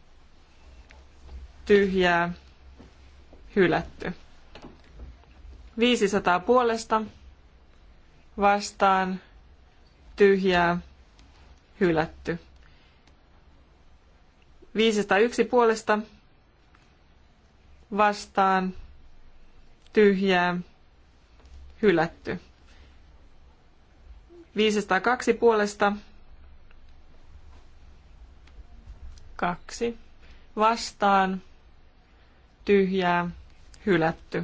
tyhjää, hylätty. 500 puolesta vastaan tyhjää, hylätty. 501 puolesta vastaan tyhjää, hylätty. 502 puolesta kaksi vastaan tyhjää, hylätty.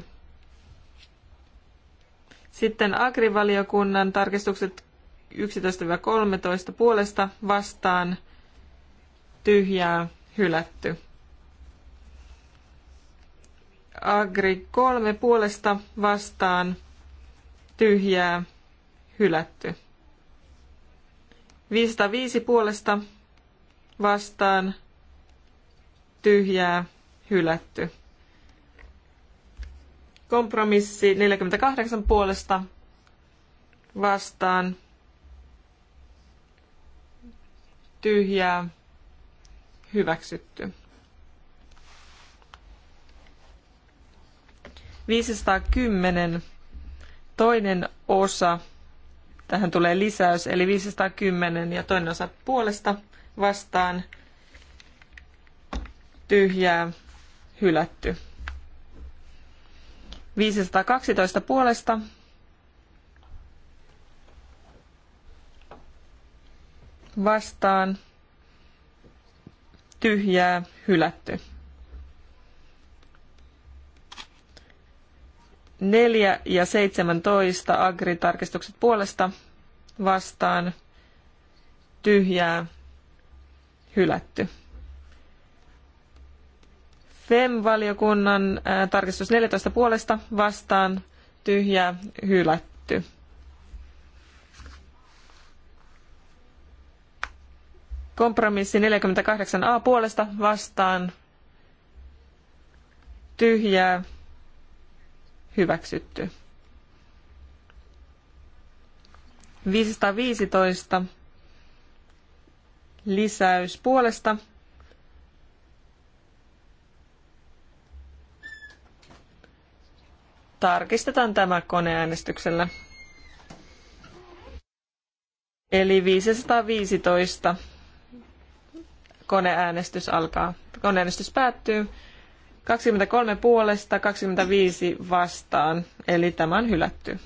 Sitten agrivaliokunnan tarkistukset 11-13 puolesta vastaan, tyhjää, hylätty. Agri 3 puolesta vastaan, tyhjää, hylätty. 505 puolesta vastaan, tyhjää, hylätty. Kompromissi 48 puolesta vastaan tyhjää hyväksytty. 510 toinen osa. Tähän tulee lisäys, eli 510 ja toinen osa puolesta vastaan tyhjää hylätty. 512 puolesta vastaan tyhjää hylätty. Neljä ja 17 agritarkistukset puolesta vastaan tyhjää hylätty. FEM-valiokunnan tarkistus 14 puolesta vastaan tyhjää hylätty. Kompromissi 48a puolesta vastaan tyhjää hyväksytty. 515 lisäys puolesta Tarkistetaan tämä koneäänestyksellä. Eli 515 koneäänestys alkaa. Koneäänestys päättyy. 23 puolesta, 25 vastaan, eli tämä on hylätty.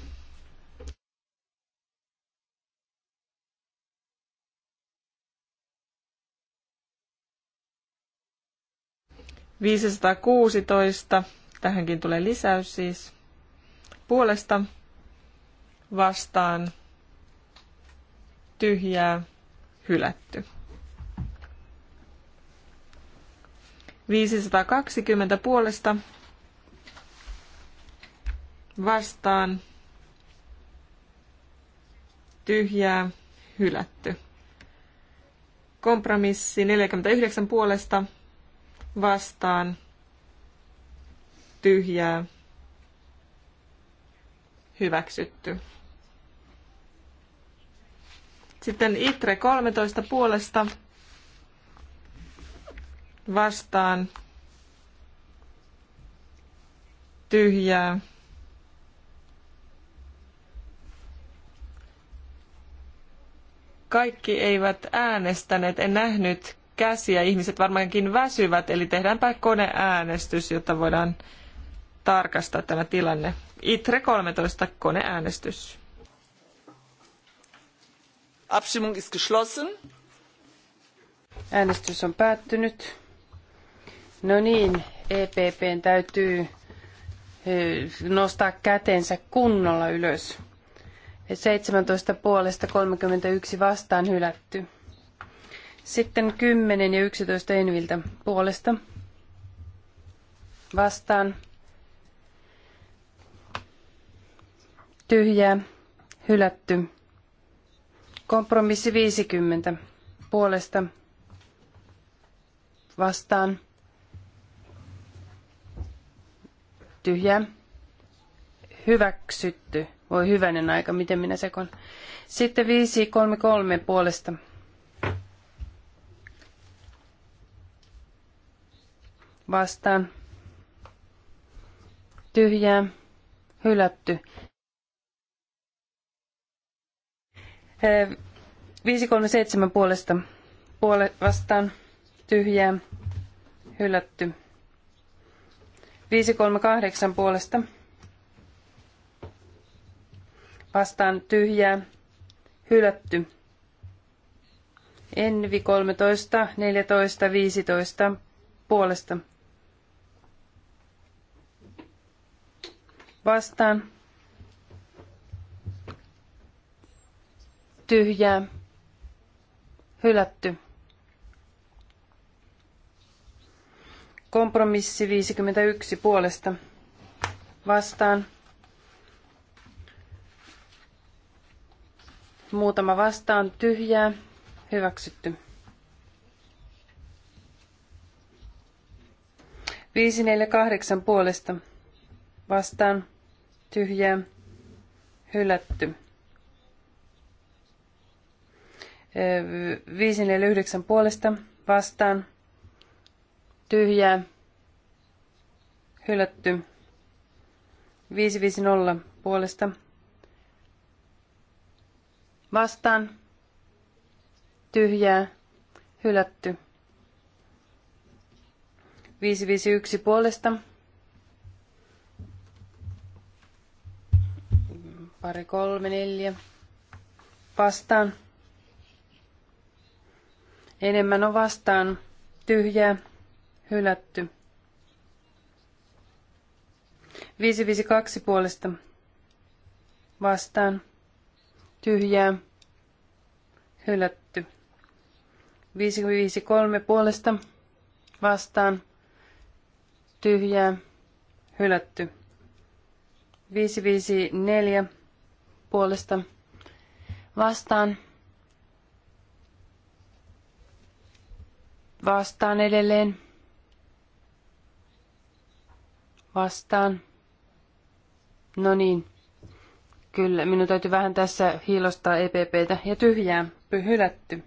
Viisisataakuusitoista. Tähänkin tulee lisäys siis puolesta vastaan tyhjää hylätty. 520 puolesta vastaan tyhjää hylätty. Kompromissi 49 puolesta vastaan tyhjää hyväksytty. Sitten ITRE 13 puolesta vastaan tyhjää. Kaikki eivät äänestäneet, en nähnyt käsiä. Ihmiset varmaankin väsyvät, eli tehdäänpä koneäänestys, jotta voidaan tarkastaa tämä tilanne. ITRE 13 koneäänestys. Abstimmung ist geschlossen. Äänestys on päättynyt. No niin, EPPn täytyy nostaa kätensä kunnolla ylös. 17 puolesta 31 vastaan hylätty. Sitten 10 ja 11 Enviltä puolesta vastaan tyhjää, hylätty. Kompromissi 50 puolesta vastaan tyhjää, hyväksytty. Voi hyvänen aika, miten minä sekon. Sitten 533 puolesta. Vastaan. Tyhjää. Hylätty. 537 puolesta puole vastaan tyhjää hylätty. 538 puolesta vastaan tyhjää hylätty. Envi 13, 14, 15 puolesta vastaan tyhjää, hylätty. Kompromissi 51 puolesta vastaan. Muutama vastaan tyhjää, hyväksytty. 548 puolesta vastaan tyhjää, hylätty. 549 puolesta vastaan. Tyhjää. Hylätty. 550 puolesta vastaan. Tyhjää. Hylätty. 551 puolesta. Pari, kolme, neljä. Vastaan. Enemmän on vastaan. tyhjä, Hylätty. 552 puolesta. Vastaan. Tyhjää. Hylätty. 553 puolesta. Vastaan. Tyhjää. Hylätty. 554 puolesta. Vastaan Vastaan edelleen. Vastaan. No niin. Kyllä, minun täytyy vähän tässä hiilostaa EPPtä. Ja tyhjää. Pyhylätty.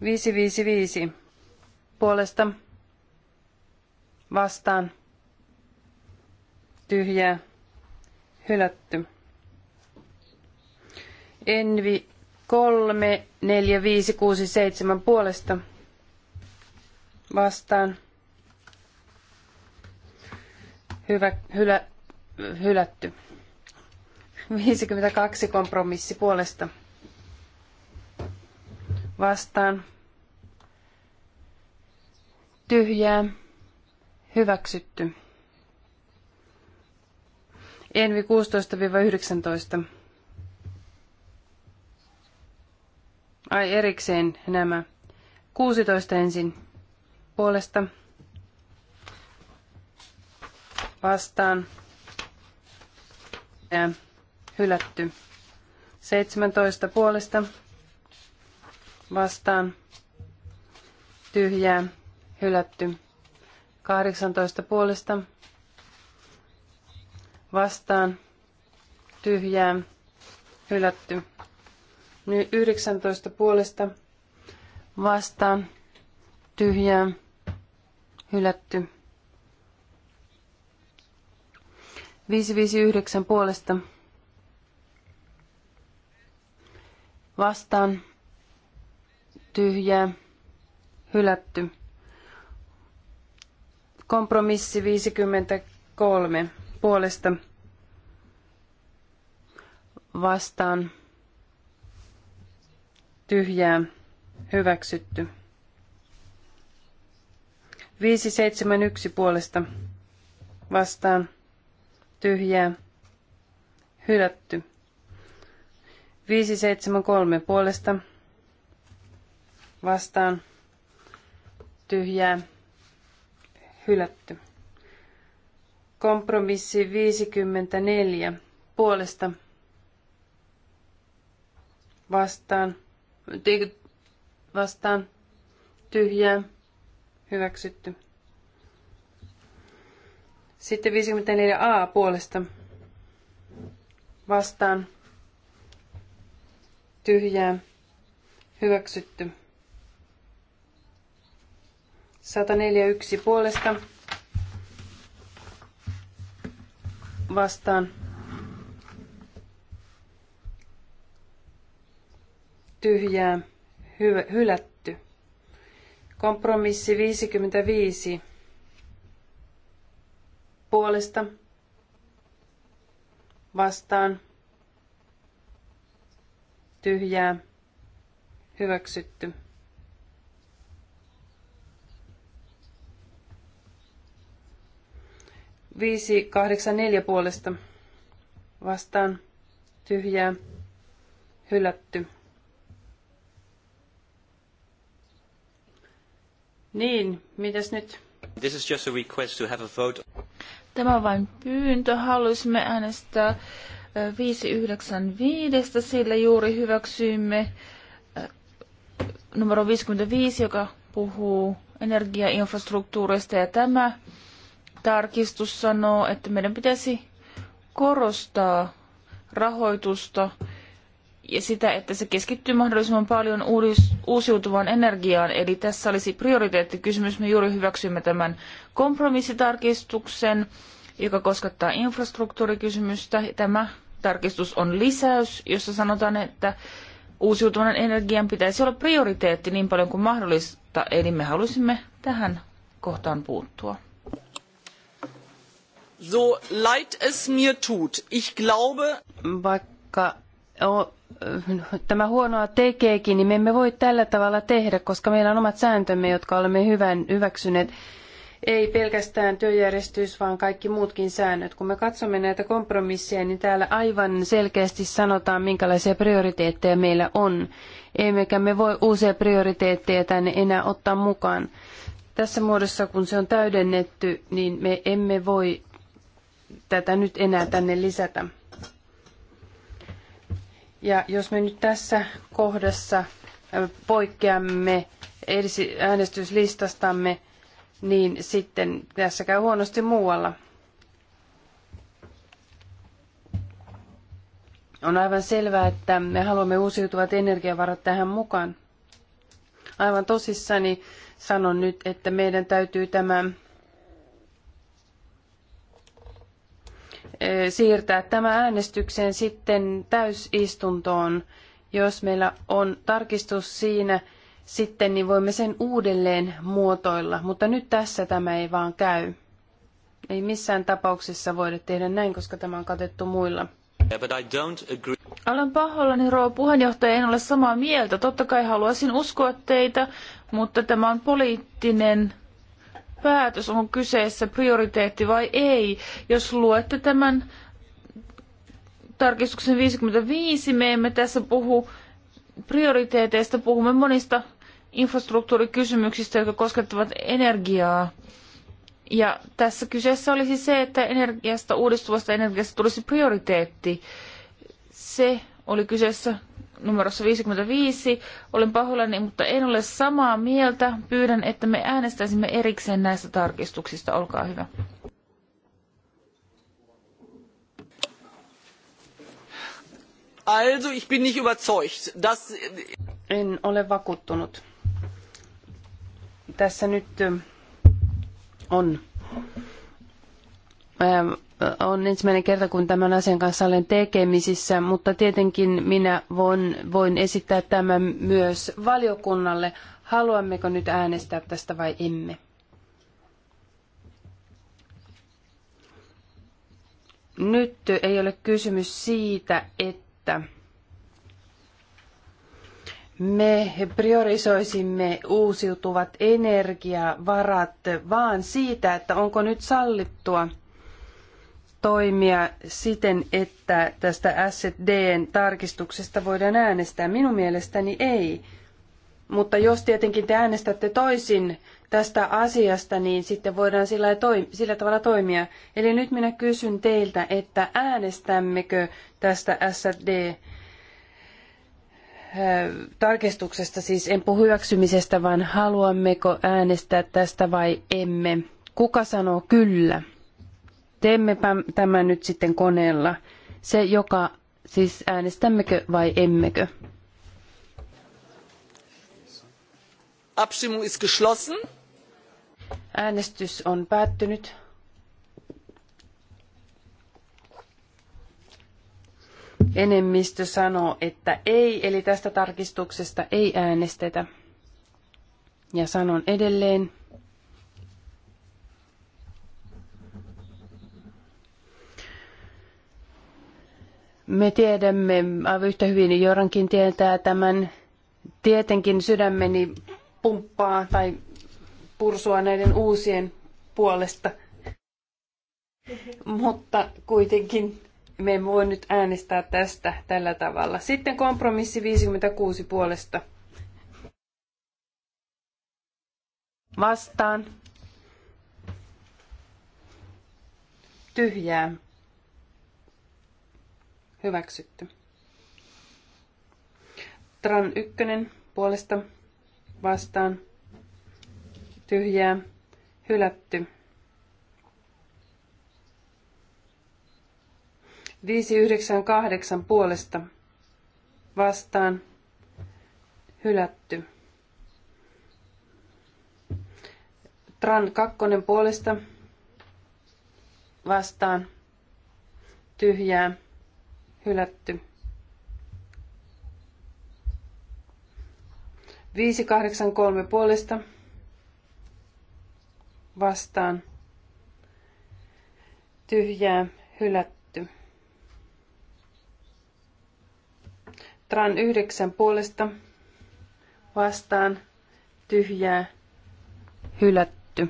555. Puolesta. Vastaan. Tyhjää. Hylätty. Envi 3, 4, 5, 6, 7 puolesta vastaan hyvä, hylä, hylätty. 52 kompromissi puolesta vastaan tyhjää hyväksytty. Envi 16-19. Ai erikseen nämä. 16 ensin puolesta vastaan ja hylätty. 17 puolesta vastaan tyhjää hylätty. 18 puolesta vastaan tyhjää hylätty. 19 puolesta vastaan tyhjää hylätty. 559 puolesta vastaan tyhjää hylätty. Kompromissi 53 puolesta vastaan tyhjää hyväksytty. 571 puolesta vastaan tyhjää hylätty. 573 puolesta vastaan tyhjää hylätty. Kompromissi 54 puolesta vastaan, vastaan tyhjää Hyväksytty. Sitten 54a puolesta vastaan tyhjää hyväksytty. 141 puolesta vastaan tyhjää hy- hylätty. Kompromissi 55 puolesta vastaan tyhjää hyväksytty. Viisi kahdeksan neljä puolesta vastaan tyhjää hylätty. Niin, mitäs nyt? This is just a request to have a vote. Tämä on vain pyyntö. Haluaisimme äänestää 595, sillä juuri hyväksyimme numero 55, joka puhuu energiainfrastruktuurista ja tämä tarkistus sanoo, että meidän pitäisi korostaa rahoitusta ja sitä, että se keskittyy mahdollisimman paljon uusiutuvaan energiaan. Eli tässä olisi prioriteettikysymys. Me juuri hyväksymme tämän kompromissitarkistuksen, joka koskettaa infrastruktuurikysymystä. Tämä tarkistus on lisäys, jossa sanotaan, että uusiutuvan energian pitäisi olla prioriteetti niin paljon kuin mahdollista, eli me halusimme tähän kohtaan puuttua. So leid es mir tut, ich glaube... Vaikka tämä huonoa tekeekin, niin me emme voi tällä tavalla tehdä, koska meillä on omat sääntömme, jotka olemme hyvän, hyväksyneet. Ei pelkästään työjärjestys, vaan kaikki muutkin säännöt. Kun me katsomme näitä kompromisseja, niin täällä aivan selkeästi sanotaan, minkälaisia prioriteetteja meillä on. Emmekä me voi uusia prioriteetteja tänne enää ottaa mukaan. Tässä muodossa, kun se on täydennetty, niin me emme voi tätä nyt enää tänne lisätä. Ja jos me nyt tässä kohdassa poikkeamme äänestyslistastamme, niin sitten tässä käy huonosti muualla. On aivan selvää, että me haluamme uusiutuvat energiavarat tähän mukaan. Aivan tosissani sanon nyt, että meidän täytyy tämä siirtää tämä äänestykseen sitten täysistuntoon. Jos meillä on tarkistus siinä sitten, niin voimme sen uudelleen muotoilla, mutta nyt tässä tämä ei vaan käy. Ei missään tapauksessa voida tehdä näin, koska tämä on katettu muilla. Olen pahoillani, rouva puheenjohtaja, en ole samaa mieltä. Totta kai haluaisin uskoa teitä, mutta tämä on poliittinen päätös, onko kyseessä prioriteetti vai ei. Jos luette tämän tarkistuksen 55, me emme tässä puhu prioriteeteista, puhumme monista infrastruktuurikysymyksistä, jotka koskettavat energiaa. Ja tässä kyseessä olisi se, että energiasta, uudistuvasta energiasta tulisi prioriteetti. Se oli kyseessä numerossa 55. Olen pahoillani, mutta en ole samaa mieltä. Pyydän, että me äänestäisimme erikseen näistä tarkistuksista. Olkaa hyvä. Also, ich bin nicht überzeugt, dass... En ole vakuuttunut. Tässä nyt on on ensimmäinen kerta, kun tämän asian kanssa olen tekemisissä, mutta tietenkin minä voin, voin esittää tämän myös valiokunnalle. Haluammeko nyt äänestää tästä vai emme? Nyt ei ole kysymys siitä, että me priorisoisimme uusiutuvat energiavarat, vaan siitä, että onko nyt sallittua – toimia siten, että tästä D:n tarkistuksesta voidaan äänestää? Minun mielestäni ei. Mutta jos tietenkin te äänestätte toisin tästä asiasta, niin sitten voidaan sillä, toi, sillä tavalla toimia. Eli nyt minä kysyn teiltä, että äänestämmekö tästä SD äh, tarkistuksesta, siis en puhu hyväksymisestä, vaan haluammeko äänestää tästä vai emme. Kuka sanoo kyllä? Teemmepä tämä nyt sitten koneella. Se, joka siis äänestämmekö vai emmekö? Abstimmung ist geschlossen. Äänestys on päättynyt. Enemmistö sanoo, että ei, eli tästä tarkistuksesta ei äänestetä. Ja sanon edelleen, Me tiedämme aivan yhtä hyvin, niin Jorankin tietää tämän. Tietenkin sydämeni pumppaa tai pursua näiden uusien puolesta. Mutta kuitenkin me emme voi nyt äänestää tästä tällä tavalla. Sitten kompromissi 56 puolesta. Vastaan. Tyhjää. Hyväksytty. Tran ykkönen puolesta vastaan. Tyhjää. Hylätty. 598 puolesta vastaan hylätty. Tran kakkonen puolesta vastaan tyhjää hylätty. 583 puolesta vastaan tyhjää hylätty. Tran 9 puolesta vastaan tyhjää hylätty.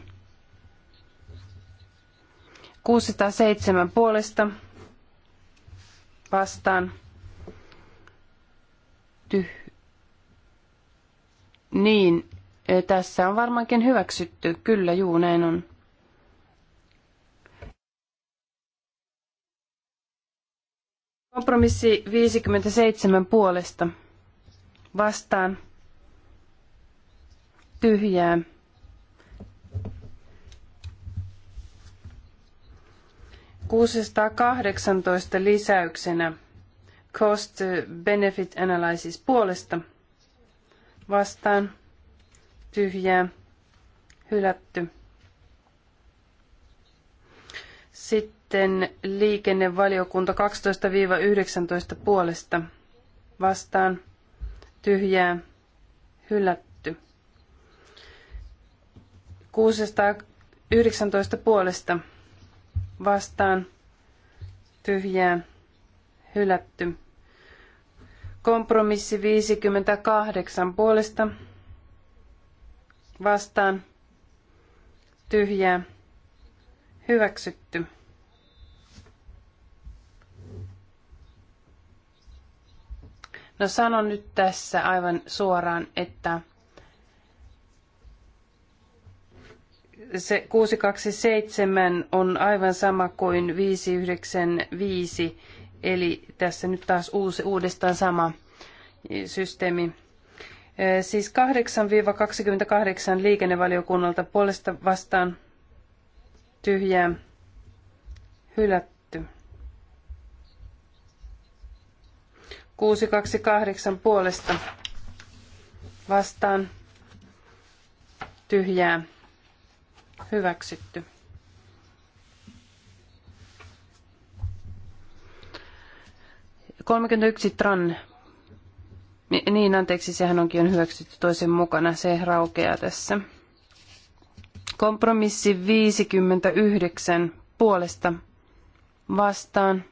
607 puolesta vastaan tyh. Niin, e, tässä on varmaankin hyväksytty. Kyllä, juu, näin on. Kompromissi 57 puolesta. Vastaan. Tyhjää. 618 lisäyksenä Cost Benefit Analysis puolesta vastaan tyhjää hylätty. Sitten liikennevaliokunta 12-19 puolesta vastaan tyhjää hylätty. 619 puolesta vastaan tyhjää hylätty. Kompromissi 58 puolesta vastaan tyhjää hyväksytty. No sanon nyt tässä aivan suoraan, että se 627 on aivan sama kuin 595, eli tässä nyt taas uusi, uudestaan sama systeemi. Siis 8-28 liikennevaliokunnalta puolesta vastaan tyhjää hylätty. 628 puolesta vastaan tyhjää Hyväksytty. Kolmekymmentäyksi tran. Niin, anteeksi, sehän onkin hyväksytty toisen mukana. Se raukeaa tässä. Kompromissi 59 puolesta vastaan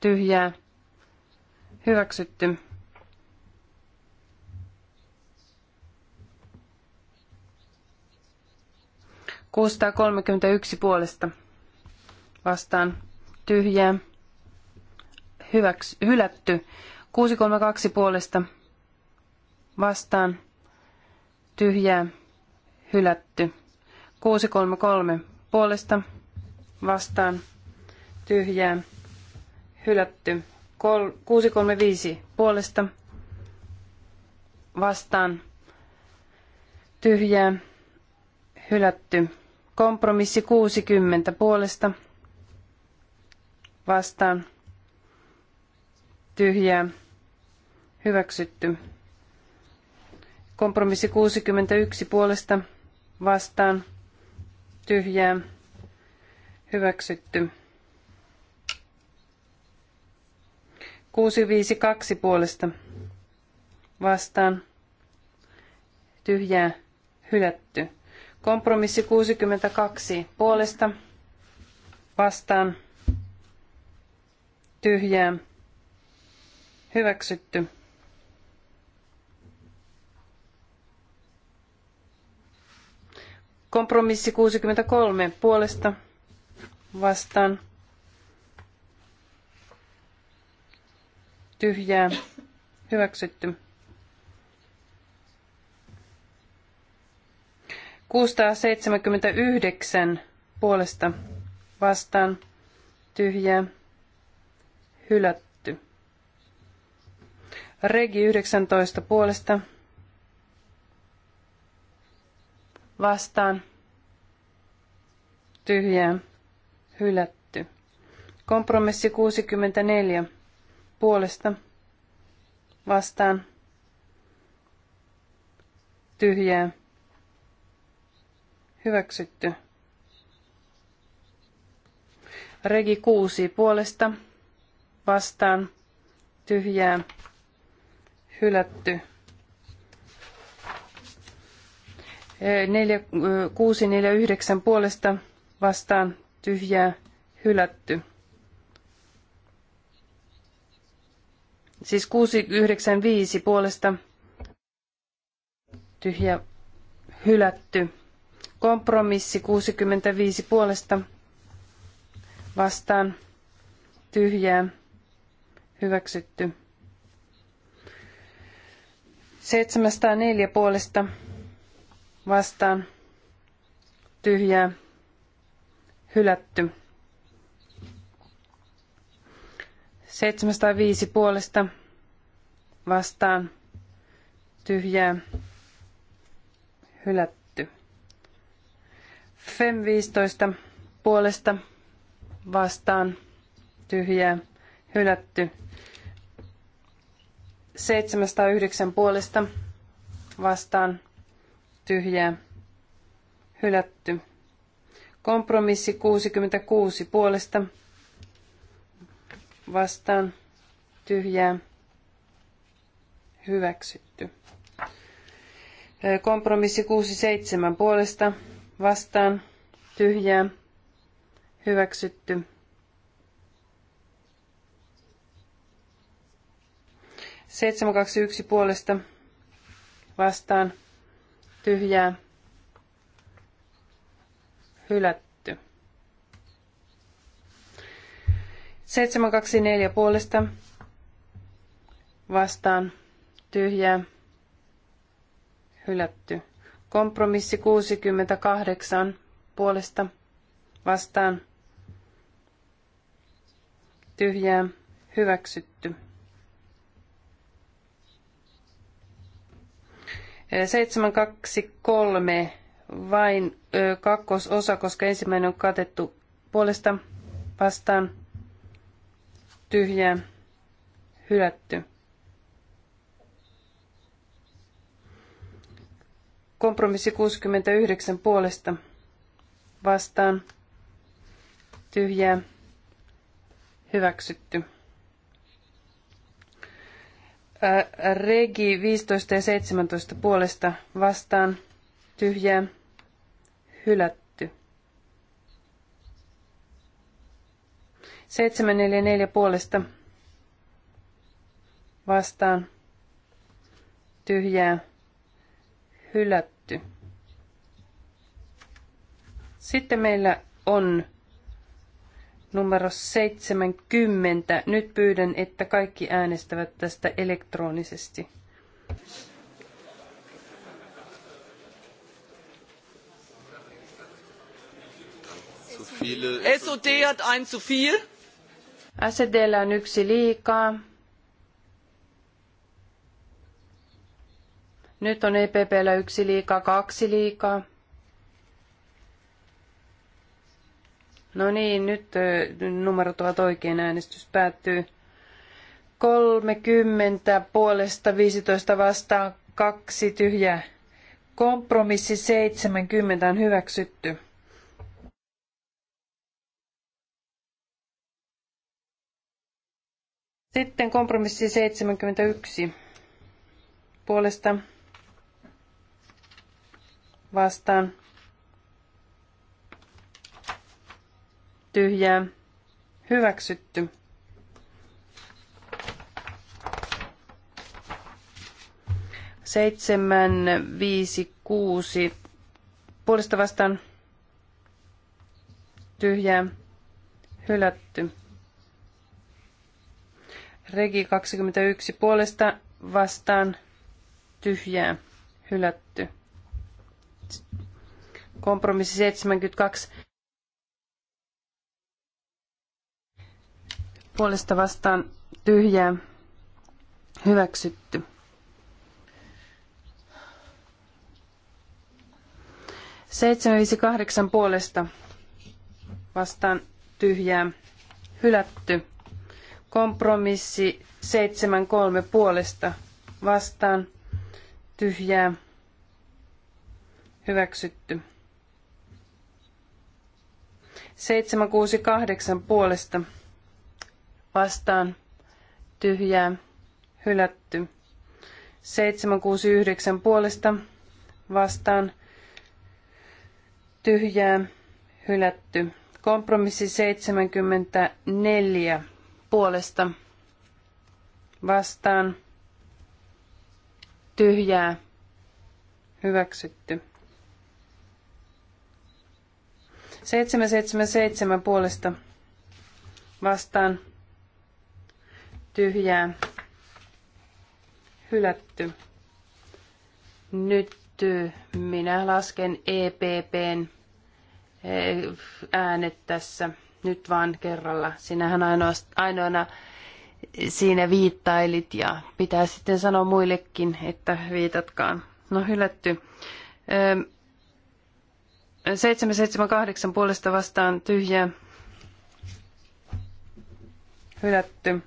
tyhjää hyväksytty. 631 puolesta vastaan tyhjää hyväks, hylätty. 632 puolesta vastaan tyhjää hylätty. 633 puolesta vastaan tyhjää hylätty. 635 puolesta vastaan tyhjää hylätty. Kompromissi 60 puolesta vastaan tyhjää hyväksytty. Kompromissi 61 puolesta vastaan tyhjää hyväksytty. 652 puolesta vastaan tyhjää hylätty. Kompromissi 62 puolesta vastaan tyhjää hyväksytty. Kompromissi 63 puolesta vastaan tyhjää hyväksytty. 679 puolesta vastaan tyhjää hylätty. Regi 19 puolesta vastaan tyhjää hylätty. Kompromissi 64 puolesta vastaan tyhjää Hyväksytty. Regi 6 puolesta vastaan tyhjää hylätty. 649 puolesta vastaan tyhjää hylätty. Siis 695 puolesta tyhjä hylätty. Kompromissi 65 puolesta vastaan tyhjää hyväksytty. 704 puolesta vastaan tyhjää hylätty. 705 puolesta vastaan tyhjää hylätty. FEM 15 puolesta vastaan tyhjää hylätty. 709 puolesta vastaan tyhjää hylätty. Kompromissi 66 puolesta vastaan tyhjää hyväksytty. Kompromissi 67 puolesta vastaan tyhjää hyväksytty. Seitsemän kaksi yksi puolesta vastaan tyhjää hylätty. neljä puolesta vastaan tyhjää hylätty. Kompromissi 68 puolesta vastaan tyhjää hyväksytty. 723 vain ö, kakkososa, koska ensimmäinen on katettu puolesta vastaan tyhjää hylätty. Kompromissi 69 puolesta vastaan tyhjää hyväksytty. Regi 15 ja 17 puolesta vastaan tyhjää hylätty. 744 puolesta vastaan tyhjää hylätty. Sitten meillä on numero 70. Nyt pyydän, että kaikki äänestävät tästä elektronisesti. SOD hat ein zu viel. on yksi liikaa. Nyt on EPPllä yksi liikaa, kaksi liikaa. No niin, nyt numerot ovat oikein, äänestys päättyy. 30 puolesta 15 vastaan, kaksi tyhjää. Kompromissi 70 on hyväksytty. Sitten kompromissi 71 puolesta vastaan tyhjää hyväksytty. Seitsemän, viisi, kuusi. Puolesta vastaan tyhjää hylätty. Regi 21 puolesta vastaan tyhjää hylätty kompromissi 72 puolesta vastaan tyhjää hyväksytty. Seitsemän viisi kahdeksan puolesta vastaan tyhjää hylätty. Kompromissi seitsemän kolme puolesta vastaan tyhjää hyväksytty. 768 puolesta vastaan tyhjää hylätty. 769 puolesta vastaan tyhjää hylätty. Kompromissi 74 puolesta vastaan tyhjää hyväksytty. 777 puolesta vastaan tyhjää hylätty. Nyt äh, minä lasken EPPn äh, äänet tässä nyt vaan kerralla. Sinähän ainoana äh, siinä viittailit ja pitää sitten sanoa muillekin, että viitatkaan. No hylätty. 778 puolesta vastaan tyhjää. Hylätty.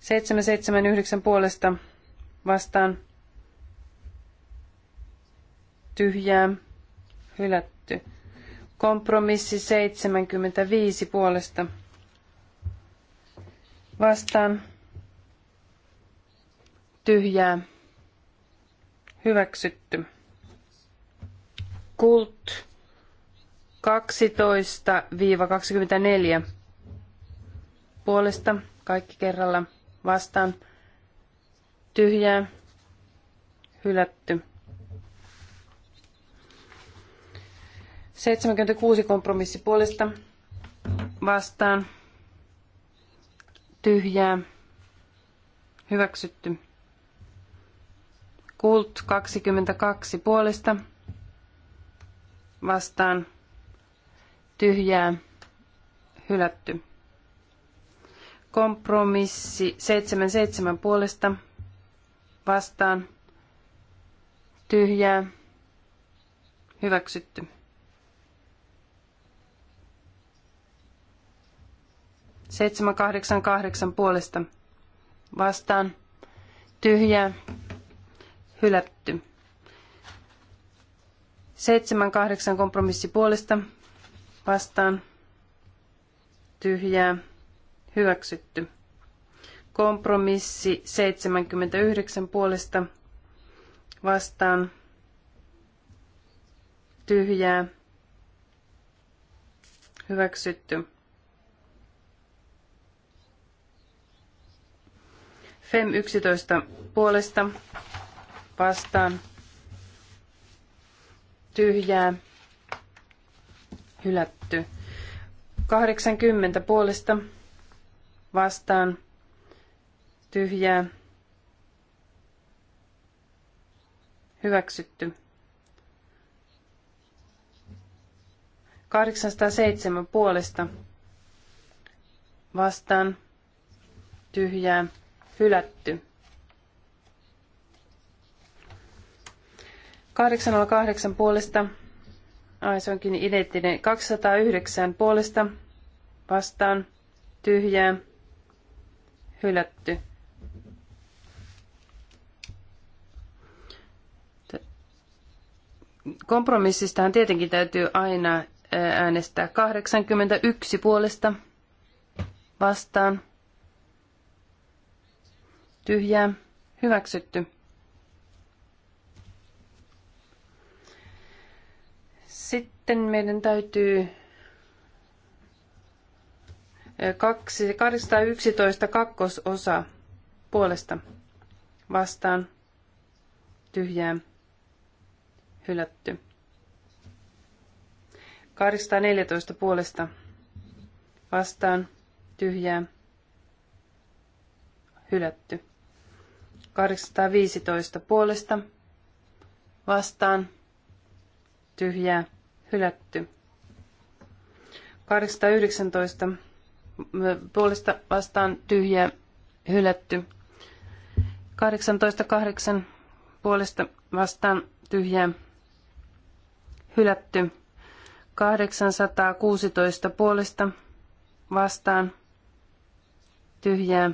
779 puolesta vastaan tyhjää. Hylätty. Kompromissi 75 puolesta vastaan tyhjää. Hyväksytty. Kult 12-24 puolesta kaikki kerralla vastaan tyhjää hylätty. 76 kompromissi puolesta vastaan tyhjää hyväksytty. Kult 22 puolesta vastaan tyhjää hylätty. Kompromissi 77 puolesta vastaan tyhjää hyväksytty. Seitsemän kahdeksan kahdeksan puolesta vastaan tyhjää hylätty. Seitsemän kahdeksan kompromissi puolesta vastaan tyhjää hyväksytty. Kompromissi 79 puolesta vastaan tyhjää hyväksytty. FEM 11 puolesta vastaan tyhjää, hylätty. 80 puolesta vastaan tyhjää, hyväksytty. 807 puolesta vastaan tyhjää, hylätty. 808 puolesta. Ai, se onkin identtinen. 209 puolesta vastaan tyhjää hylätty. Kompromissistahan tietenkin täytyy aina äänestää 81 puolesta vastaan. Tyhjää. Hyväksytty. Sitten meidän täytyy 811 kakkososa puolesta vastaan tyhjää hylätty. 814 puolesta vastaan tyhjää hylätty. 815 puolesta vastaan tyhjää hylätty. 819 puolesta vastaan tyhjä, hylätty. 188 puolesta vastaan tyhjä, hylätty. 816 puolesta vastaan tyhjää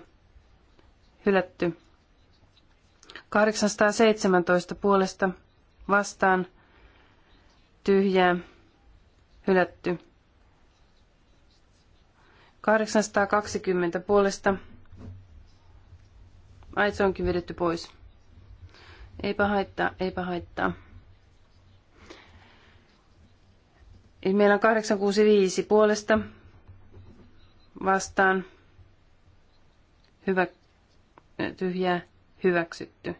hylätty. 817 puolesta vastaan tyhjää, hylätty. 820 puolesta. Ai, se onkin vedetty pois. Eipä haittaa, eipä haittaa. Meillä on 865 puolesta vastaan hyvä, tyhjää hyväksytty.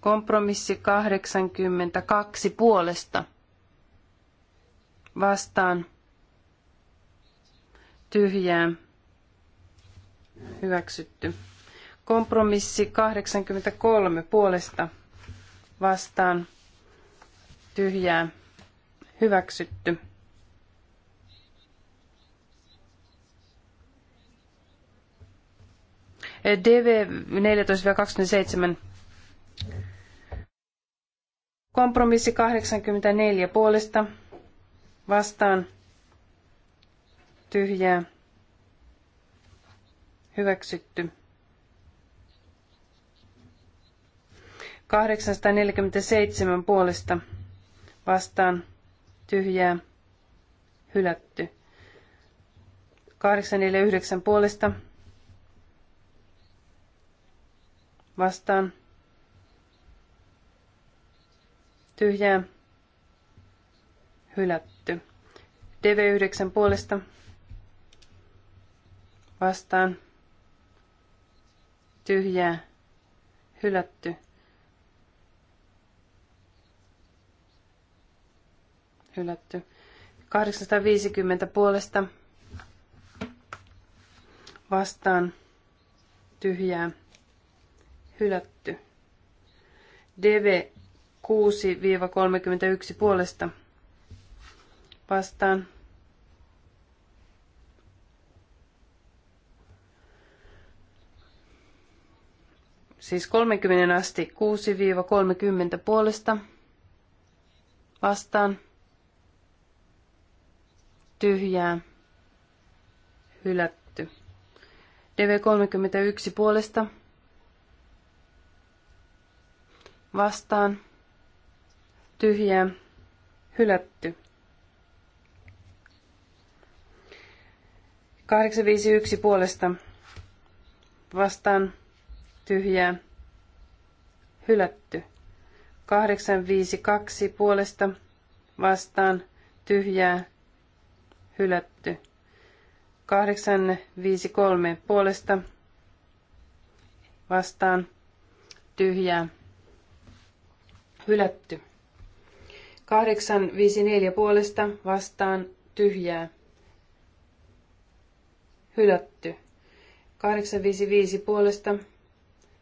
Kompromissi 82 puolesta vastaan tyhjää hyväksytty. Kompromissi 83 puolesta vastaan tyhjää hyväksytty. DV 14-27 Kompromissi 84 puolesta vastaan tyhjää hyväksytty. 847 puolesta vastaan tyhjää hylätty. 849 puolesta vastaan tyhjää hylätty. DV9 puolesta vastaan tyhjää hylätty. Hylätty. 850 puolesta vastaan tyhjää hylätty. DV 6-31 puolesta vastaan. Siis 30 asti 6-30 puolesta vastaan. Tyhjää. Hylätty. DV31 puolesta vastaan. Tyhjää. Hylätty. 851 puolesta vastaan tyhjää hylätty. 852 puolesta vastaan tyhjää hylätty. 853 puolesta vastaan tyhjää hylätty. 854 puolesta vastaan tyhjää hylätty. 855 puolesta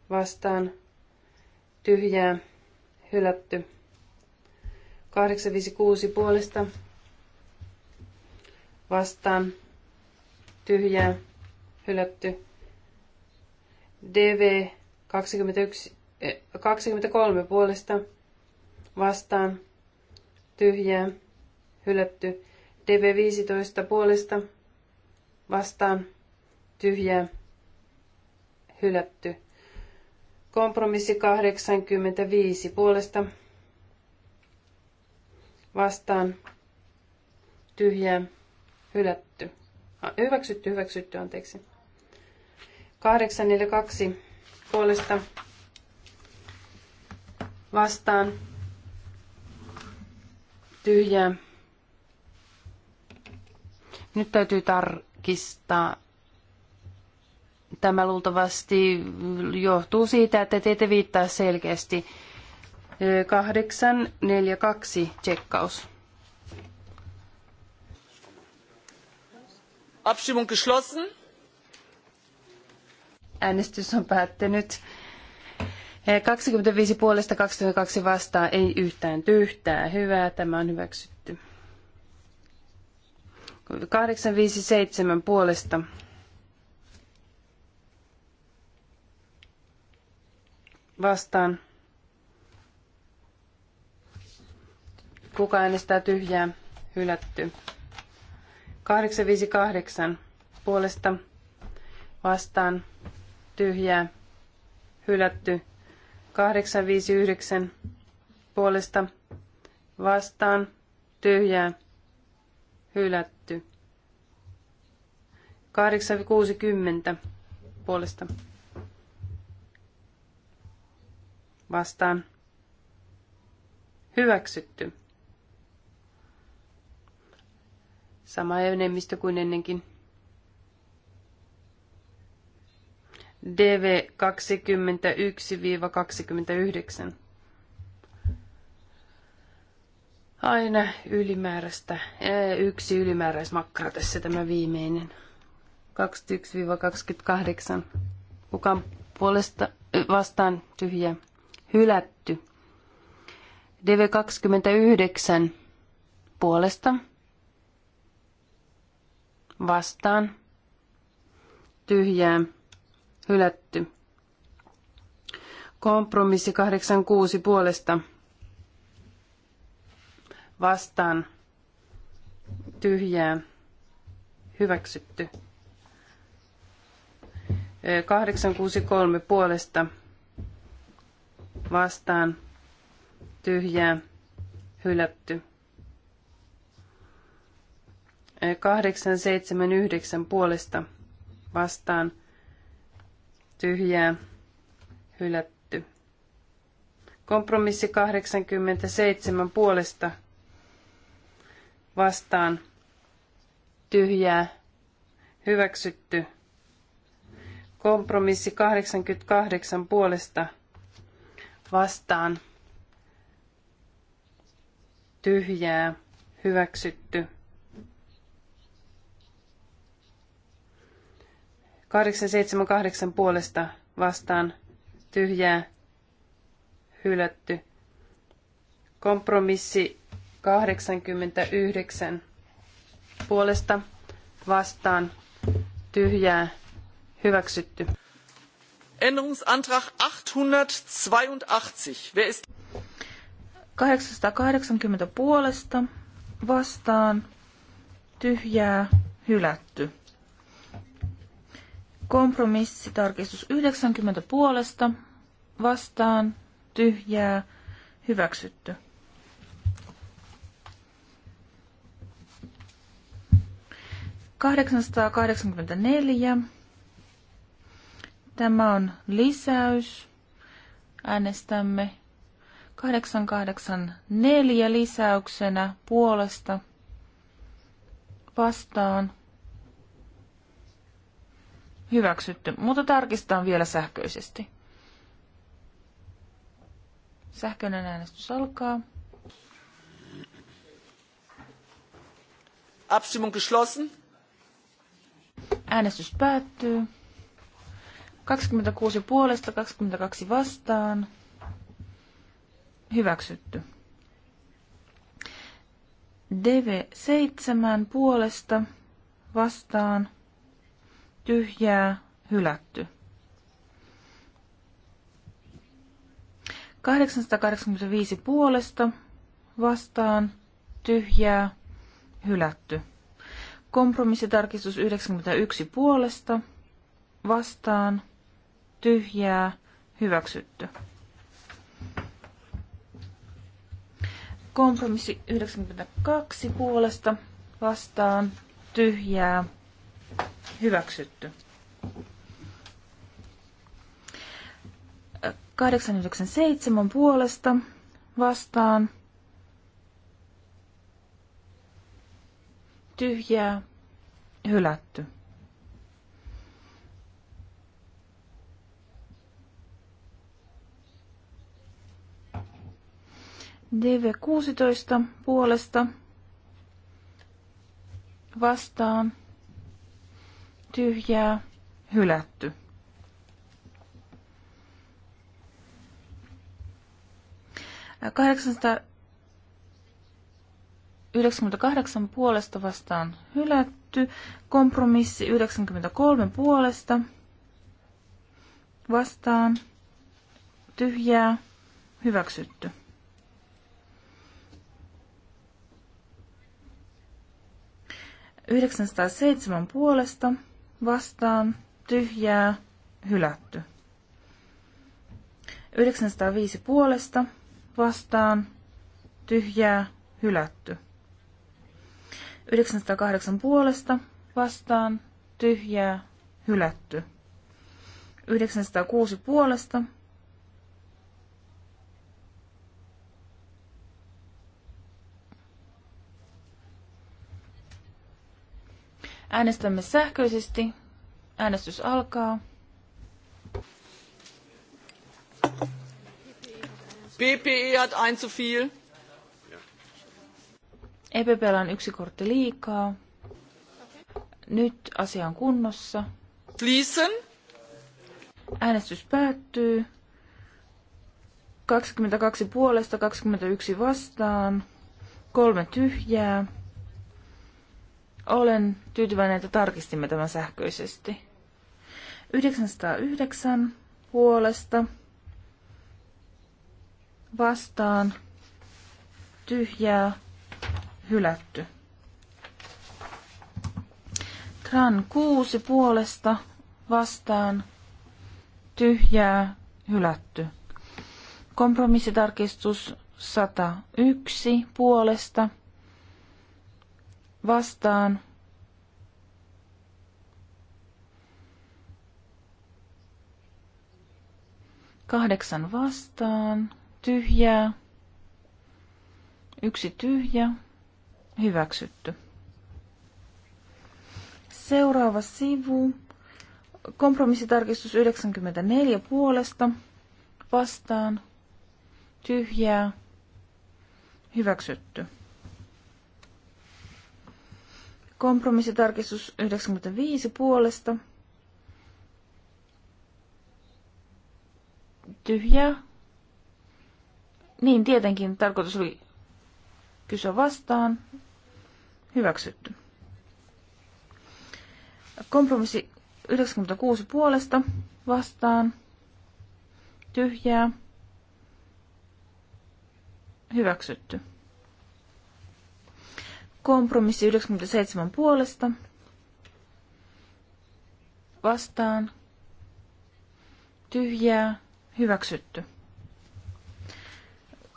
vastaan tyhjää hylätty. 856 puolesta vastaan tyhjää hylätty. DV 21, 23 puolesta vastaan tyhjää hylätty. DV 15 puolesta vastaan, vastaan tyhjä, hylätty. Kompromissi 85 puolesta vastaan tyhjä, hylätty. Hyväksytty, hyväksytty, anteeksi. 842 puolesta vastaan tyhjää. Nyt täytyy tar- tarkistaa. Tämä luultavasti johtuu siitä, että te ette viittaa selkeästi. 842 tsekkaus. Abstimmung geschlossen. Äänestys on päättynyt. 25 puolesta 22 vastaan ei yhtään tyhtää. Hyvä, tämä on hyväksytty. 857 puolesta vastaan. Kuka äänestää tyhjää? Hylätty. 858 puolesta vastaan tyhjää hylätty. 859 puolesta vastaan tyhjää hylätty. 860 puolesta vastaan hyväksytty. Sama enemmistö kuin ennenkin. DV 21-29. aina ylimääräistä, yksi ylimääräismakkara tässä tämä viimeinen. 21-28. Kukaan puolesta vastaan tyhjä hylätty. DV29 puolesta vastaan tyhjää hylätty. Kompromissi 86 puolesta vastaan tyhjää hyväksytty. 863 puolesta vastaan tyhjää hylätty. 879 puolesta vastaan tyhjää hylätty. Kompromissi 87 puolesta vastaan tyhjää hyväksytty. Kompromissi 88 puolesta vastaan tyhjää hyväksytty. 878 puolesta vastaan tyhjää hylätty. Kompromissi 89 puolesta vastaan tyhjää hyväksytty. Änderungsantrag 882. Wer ist 880 puolesta vastaan tyhjää hylätty. Kompromissitarkistus 90 puolesta vastaan tyhjää hyväksytty. 884. Tämä on lisäys. Äänestämme 884 lisäyksenä puolesta vastaan. Hyväksytty, mutta tarkistetaan vielä sähköisesti. Sähköinen äänestys alkaa. Abstimmung geschlossen. Äänestys päättyy. 26 puolesta, 22 vastaan. Hyväksytty. DV7 puolesta vastaan. Tyhjää, hylätty. 885 puolesta vastaan. Tyhjää, hylätty. Kompromissitarkistus 91 puolesta vastaan tyhjää hyväksytty. Kompromissi 92 puolesta vastaan tyhjää hyväksytty. 897 puolesta vastaan tyhjää hylätty. DV16 puolesta vastaan tyhjää hylätty. Kahdeksansta 98 puolesta vastaan hylätty. Kompromissi 93 puolesta vastaan tyhjää hyväksytty. seitsemän puolesta vastaan tyhjää hylätty. 905 puolesta vastaan tyhjää hylätty. 908 puolesta vastaan tyhjää hylätty. 906 puolesta Äänestämme sähköisesti. Äänestys alkaa. PPE hat ein zu viel. EPPllä on yksi kortti liikaa. Nyt asia on kunnossa. Listen. Äänestys päättyy. 22 puolesta, 21 vastaan, kolme tyhjää. Olen tyytyväinen, että tarkistimme tämän sähköisesti. 909 puolesta vastaan tyhjää hylätty. Tran kuusi puolesta vastaan tyhjää hylätty. Kompromissitarkistus 101 puolesta vastaan kahdeksan vastaan, tyhjää, yksi tyhjä, Hyväksytty. Seuraava sivu. Kompromissitarkistus 94 puolesta. Vastaan. Tyhjää. Hyväksytty. Kompromissitarkistus 95 puolesta. Tyhjää. Niin, tietenkin tarkoitus oli kysyä vastaan. Hyväksytty. Kompromissi 96 puolesta vastaan. Tyhjää. Hyväksytty. Kompromissi 97 puolesta. Vastaan. Tyhjää. Hyväksytty.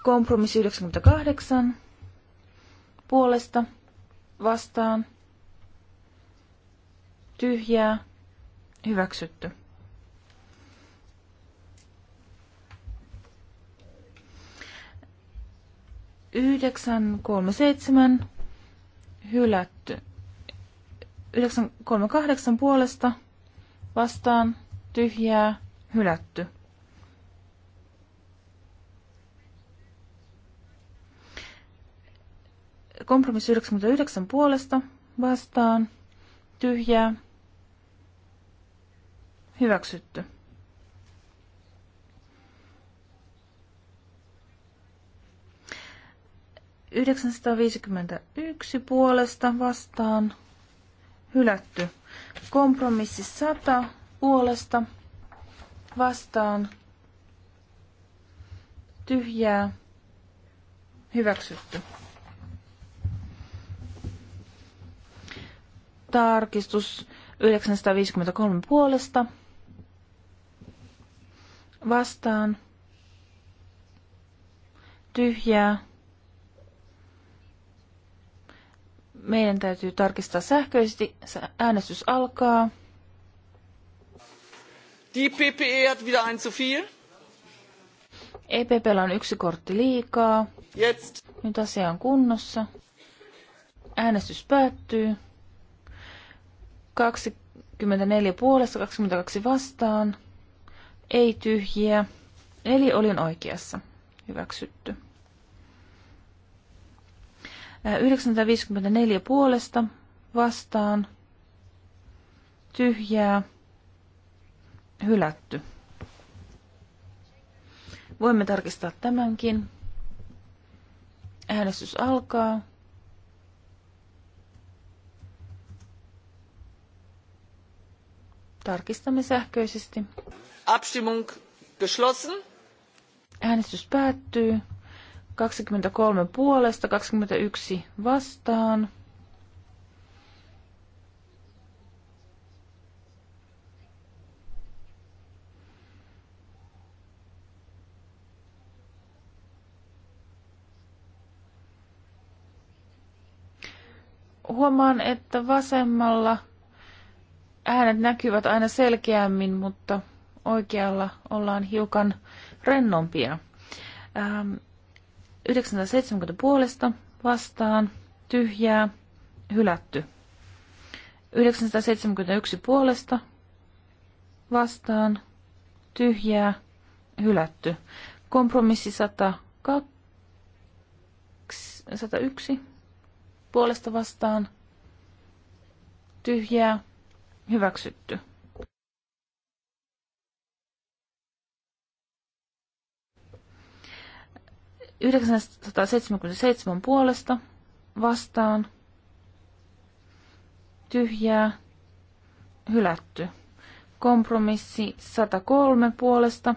Kompromissi 98 puolesta vastaan tyhjää hyväksytty. Yhdeksän kolme seitsemän hylätty. Yhdeksän kolme kahdeksan puolesta vastaan tyhjää hylätty. Kompromissi 99 puolesta vastaan. Tyhjää. Hyväksytty. yksi puolesta vastaan. Hylätty. Kompromissi 100 puolesta vastaan. Tyhjää. Hyväksytty. Tarkistus 953 puolesta. Vastaan. Tyhjää. Meidän täytyy tarkistaa sähköisesti. Äänestys alkaa. Die PPE hat wieder ein zu viel. EPPllä on yksi kortti liikaa. Jetzt. Nyt asia on kunnossa. Äänestys päättyy. 24 puolesta, 22 vastaan. Ei tyhjiä. Eli olin oikeassa. Hyväksytty. 954 puolesta vastaan. Tyhjää. Hylätty. Voimme tarkistaa tämänkin. Äänestys alkaa. Tarkistamme sähköisesti. Abstimmung geschlossen. Äänestys päättyy. 23 puolesta, 21 vastaan. Huomaan, että vasemmalla äänet näkyvät aina selkeämmin, mutta oikealla ollaan hiukan rennompia. Ähm, 970 puolesta vastaan, tyhjää, hylätty. 971 puolesta vastaan, tyhjää, hylätty. Kompromissi 102, 101 puolesta vastaan, tyhjää, Hyväksytty. Yhdeksänsataaseitsemänkymmentäseitsemän puolesta vastaan tyhjää hylätty. Kompromissi 103 puolesta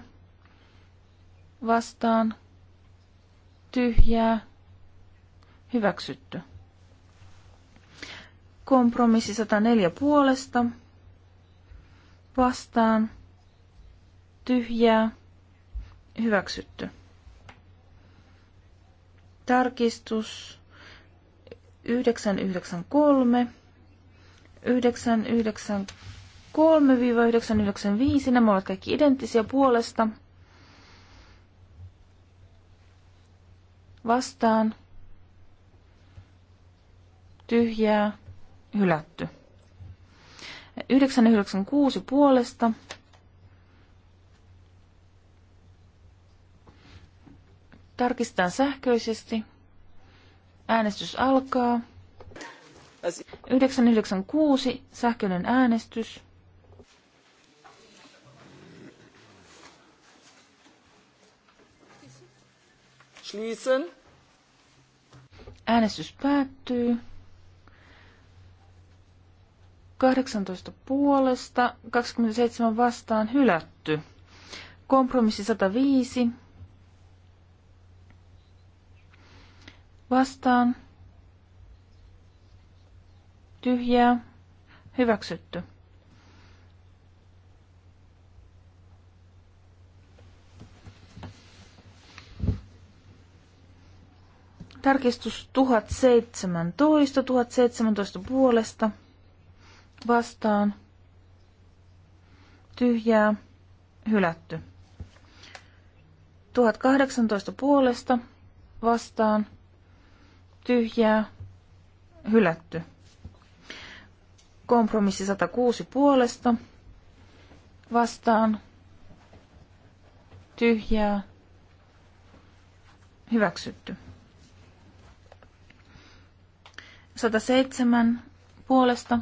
vastaan tyhjää hyväksytty. Kompromissi 104 puolesta. Vastaan. Tyhjää. Hyväksytty. Tarkistus 993. 993-995. Nämä ovat kaikki identtisiä puolesta. Vastaan tyhjää, hylätty. 996 puolesta. Tarkistetaan sähköisesti. Äänestys alkaa. 996 sähköinen äänestys. Schließen. Äänestys päättyy. 18 puolesta, 27 vastaan hylätty. Kompromissi 105. Vastaan. Tyhjää. Hyväksytty. Tarkistus 1017, 1017 puolesta vastaan tyhjää hylätty. 1018 puolesta vastaan tyhjää hylätty. Kompromissi 106 puolesta vastaan tyhjää hyväksytty. 107 puolesta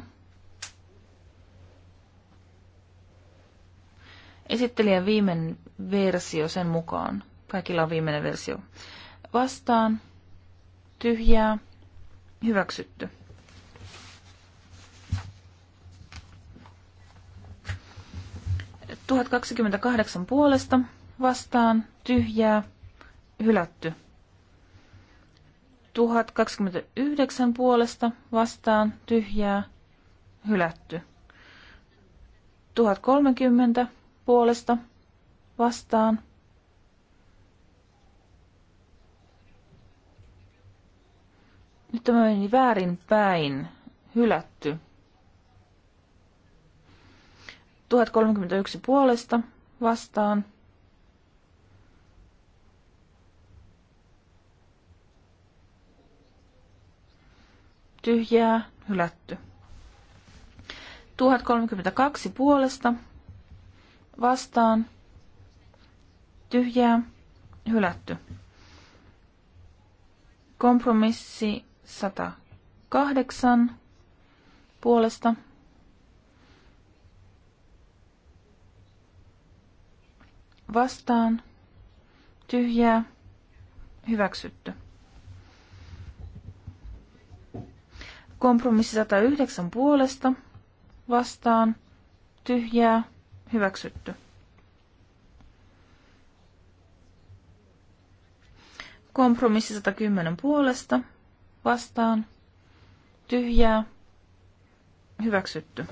Esittelijän viimeinen versio sen mukaan. Kaikilla on viimeinen versio. Vastaan. Tyhjää. Hyväksytty. kahdeksan puolesta vastaan tyhjää hylätty. 1029 puolesta vastaan tyhjää hylätty. 1030 puolesta vastaan. Nyt tämä meni väärin päin. Hylätty. 1031 puolesta vastaan. Tyhjää, hylätty. 1032 puolesta vastaan tyhjää hylätty. Kompromissi 108 puolesta vastaan tyhjää hyväksytty. Kompromissi 109 puolesta vastaan tyhjää Hyväksytty. Kompromissi 110 puolesta. Vastaan. Tyhjää. Hyväksytty.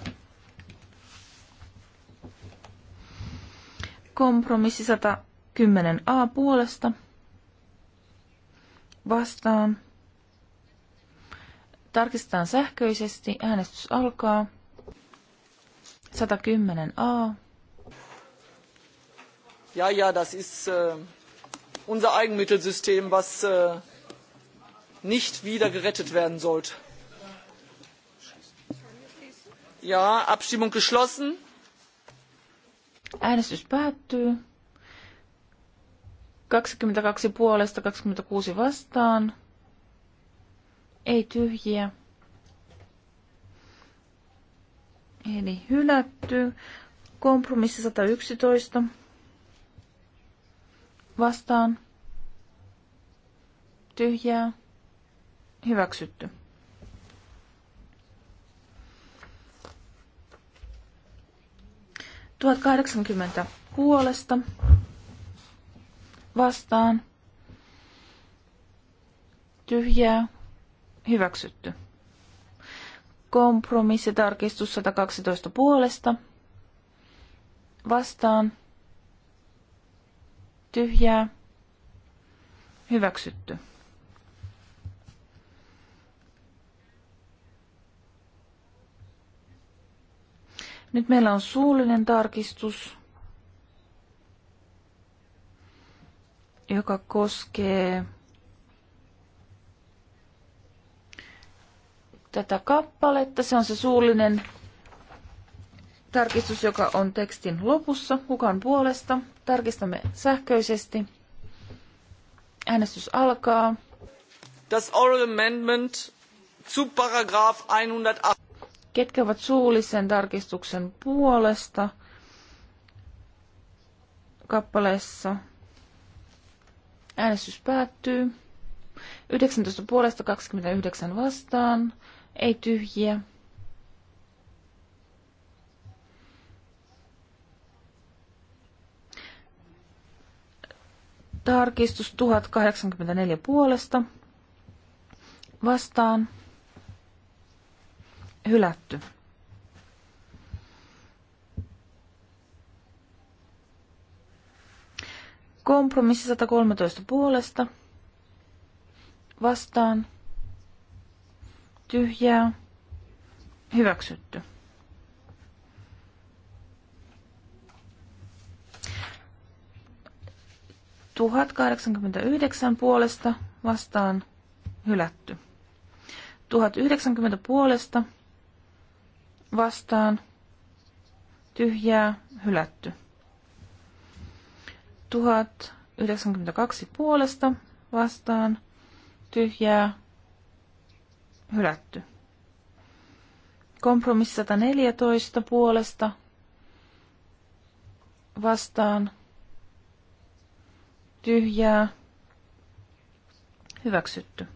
Kompromissi 110a puolesta. Vastaan. Tarkistetaan sähköisesti. Äänestys alkaa. 110a ja, ja, das ist äh, unser Eigenmittelsystem, was äh, nicht wieder gerettet werden sollte. Ja, Abstimmung geschlossen. Äänestys päättyy. 22 puolesta, 26 vastaan. Ei tyhjiä. Eli hylätty. Kompromissi 111 vastaan tyhjää hyväksytty. Tuhat kahdeksankymmentä puolesta vastaan tyhjää hyväksytty. Kompromissitarkistus 112 puolesta vastaan tyhjää, hyväksytty. Nyt meillä on suullinen tarkistus, joka koskee tätä kappaletta. Se on se suullinen Tarkistus, joka on tekstin lopussa, kukaan puolesta. Tarkistamme sähköisesti. Äänestys alkaa. Das oral amendment zu paragraph 108. Ketkä ovat suullisen tarkistuksen puolesta? Kappaleessa äänestys päättyy. 19 puolesta 29 vastaan. Ei tyhjiä. Tarkistus 1084 puolesta. Vastaan. Hylätty. Kompromissi 113 puolesta. Vastaan. Tyhjää. Hyväksytty. 1089 puolesta vastaan hylätty. 1090 puolesta vastaan tyhjää hylätty. 1092 puolesta vastaan tyhjää hylätty. Kompromissi 114 puolesta vastaan tyhjää, hyväksytty.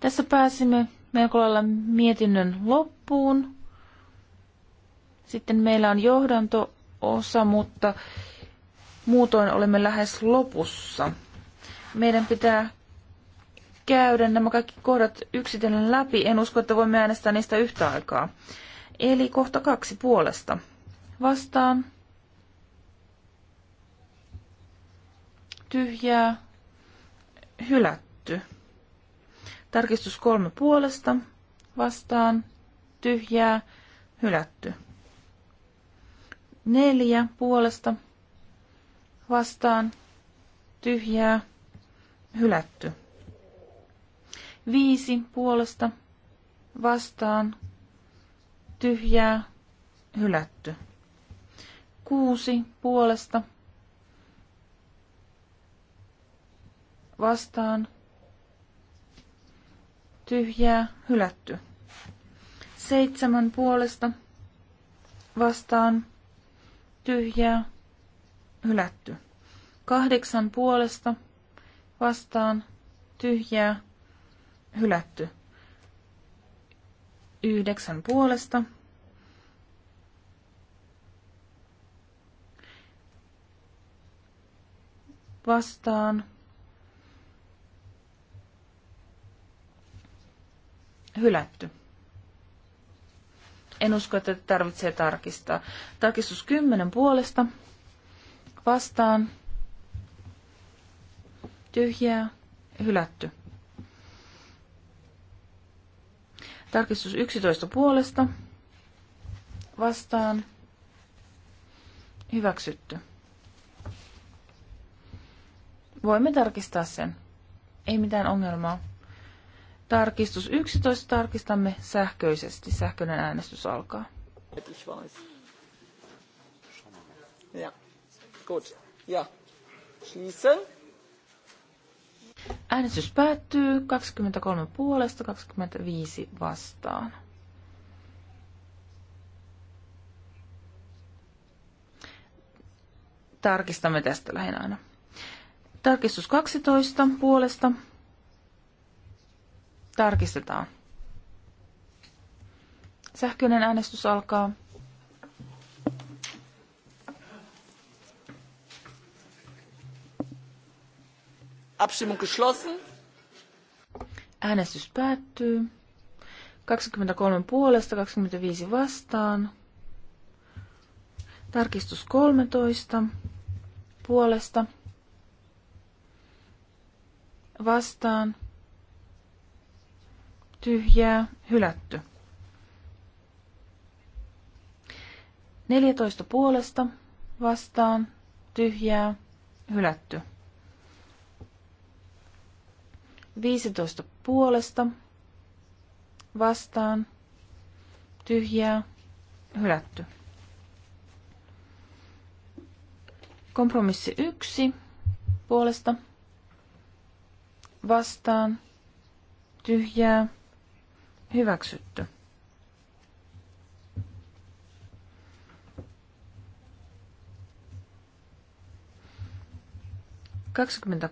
Tässä pääsimme melko lailla mietinnön loppuun. Sitten meillä on johdanto-osa, mutta muutoin olemme lähes lopussa. Meidän pitää käydä nämä kaikki kohdat yksitellen läpi. En usko, että voimme äänestää niistä yhtä aikaa. Eli kohta kaksi puolesta. Vastaan. Tyhjää. Hylätty. Tarkistus kolme puolesta. Vastaan. Tyhjää. Hylätty. Neljä puolesta. Vastaan. Tyhjää. Hylätty. Viisi puolesta. Vastaan tyhjää, hylätty. Kuusi puolesta vastaan, tyhjää, hylätty. Seitsemän puolesta vastaan, tyhjää, hylätty. Kahdeksan puolesta vastaan, tyhjää, hylätty yhdeksän puolesta. Vastaan. Hylätty. En usko, että tarvitsee tarkistaa. Tarkistus 10 puolesta. Vastaan. Tyhjää. Hylätty. Tarkistus 11 puolesta vastaan hyväksytty. Voimme tarkistaa sen. Ei mitään ongelmaa. Tarkistus 11 tarkistamme sähköisesti. Sähköinen äänestys alkaa. Ja, gut. Ja, schließen. Äänestys päättyy 23 puolesta 25 vastaan. Tarkistamme tästä lähinnä aina. Tarkistus 12 puolesta. Tarkistetaan. Sähköinen äänestys alkaa. Abstimmung geschlossen. Äänestys päättyy. 23 puolesta, 25 vastaan. Tarkistus 13 puolesta vastaan tyhjää hylätty. 14 puolesta vastaan tyhjää hylätty. 15 puolesta vastaan tyhjää hylätty. Kompromissi 1 puolesta vastaan tyhjää hyväksytty.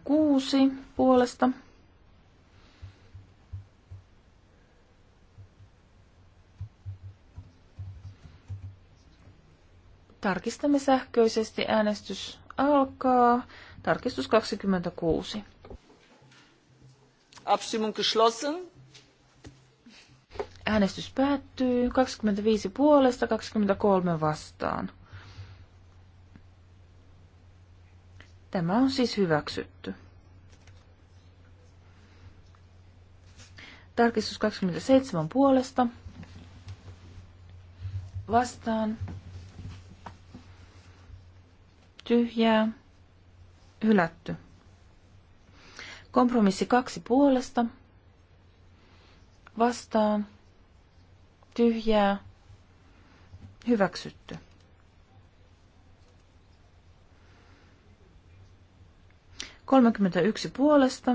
kuusi puolesta Tarkistamme sähköisesti. Äänestys alkaa. Tarkistus 26. Abstimmung geschlossen. Äänestys päättyy 25 puolesta 23 vastaan. Tämä on siis hyväksytty. Tarkistus 27 puolesta. Vastaan tyhjää, hylätty. Kompromissi kaksi puolesta, vastaan, tyhjää, hyväksytty. Kolmekymmentä yksi puolesta,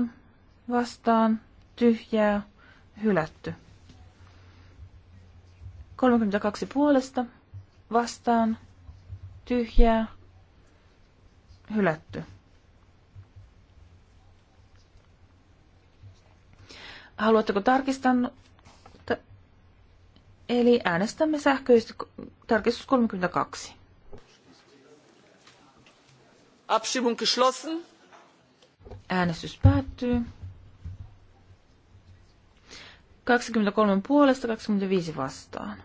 vastaan, tyhjää, hylätty. 32 puolesta, vastaan, tyhjää, hylätty. Haluatteko tarkistaa? Eli äänestämme sähköisesti tarkistus 32. Abstimmung geschlossen. Äänestys päättyy. 23 puolesta 25 vastaan.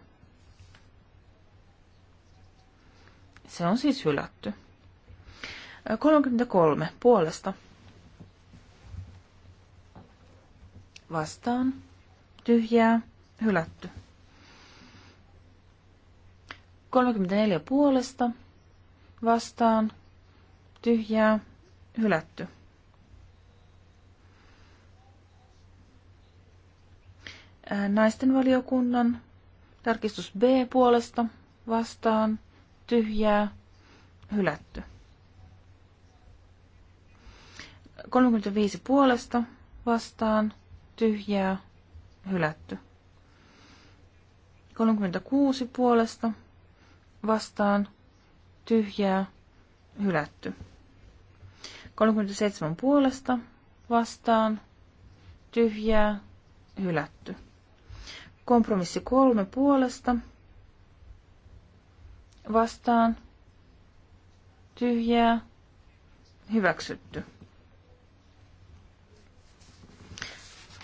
Se on siis hylätty. 33 puolesta. Vastaan. Tyhjää. Hylätty. 34 puolesta. Vastaan. Tyhjää. Hylätty. Naisten valiokunnan tarkistus B puolesta. Vastaan. Tyhjää. Hylätty. 35 puolesta vastaan tyhjää hylätty. 36 puolesta vastaan tyhjää hylätty. 37 puolesta vastaan tyhjää hylätty. Kompromissi kolme puolesta vastaan tyhjää hyväksytty.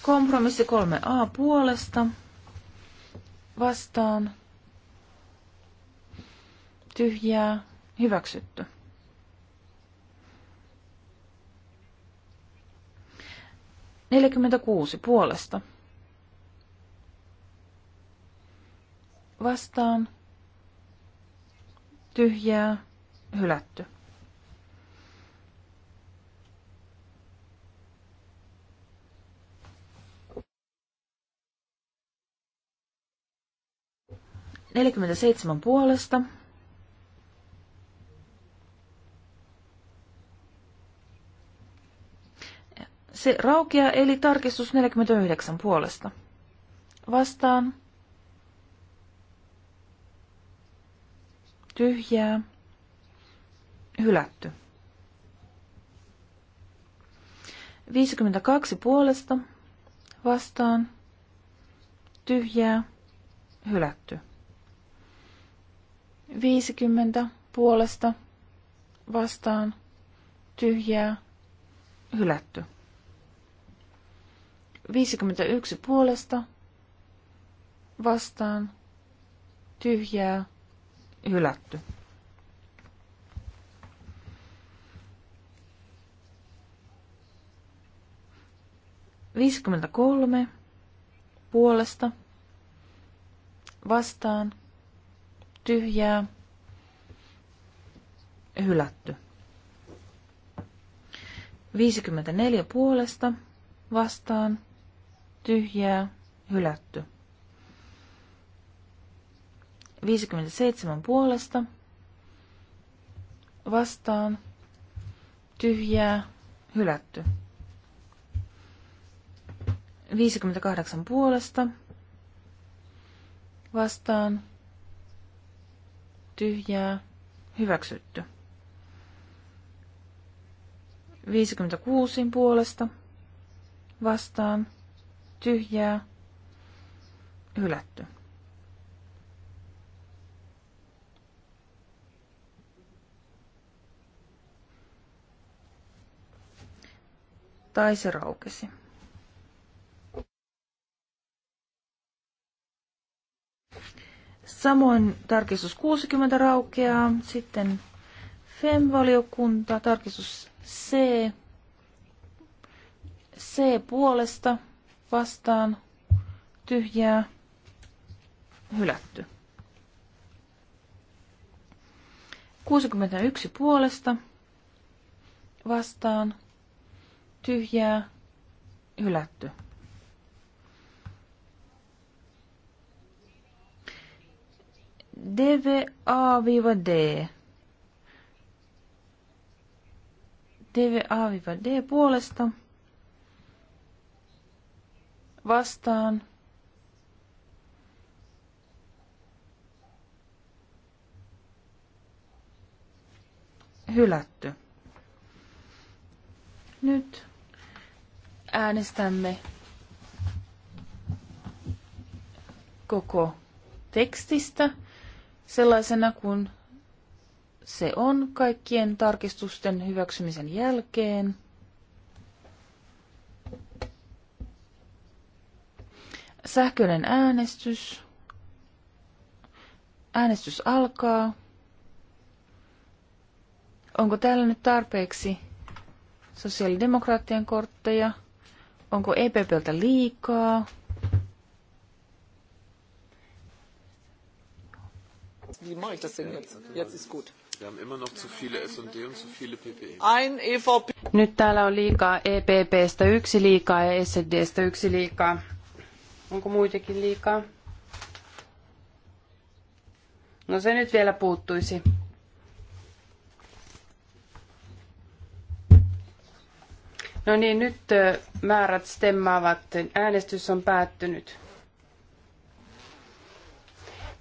Kompromissi 3a puolesta vastaan tyhjää hyväksytty. kuusi puolesta. Vastaan tyhjää hylätty. 47 puolesta. Se raukeaa, eli tarkistus 49 puolesta. Vastaan. Tyhjää. Hylätty. 52 puolesta. Vastaan. Tyhjää. Hylätty. 50 puolesta vastaan tyhjää hylätty. 51 puolesta vastaan tyhjää hylätty. kolme puolesta vastaan tyhjää hylätty. 54 puolesta vastaan tyhjää hylätty. 57 puolesta vastaan tyhjää hylätty. 58 puolesta vastaan tyhjää, hyväksytty. 56 puolesta vastaan tyhjää, hylätty. Tai se raukesi. Samoin tarkistus 60 raukeaa, sitten FEM-valiokunta, tarkistus C, C puolesta vastaan tyhjää hylätty. 61 puolesta vastaan tyhjää hylätty. DVA-D. DVA-D puolesta vastaan. Hylätty. Nyt äänestämme koko tekstistä sellaisena kuin se on kaikkien tarkistusten hyväksymisen jälkeen. Sähköinen äänestys. Äänestys alkaa. Onko täällä nyt tarpeeksi sosiaalidemokraattien kortteja? Onko EPPltä liikaa? Wie mache ich das denn jetzt? Jetzt ist gut. Wir haben immer noch zu zu viele viele und Ein EVP. Nyt täällä on liikaa EPPstä yksi liikaa ja SDstä yksi liikaa. Onko muitakin liikaa? No se nyt vielä puuttuisi. No niin, nyt määrät stemmaavat. Äänestys on päättynyt.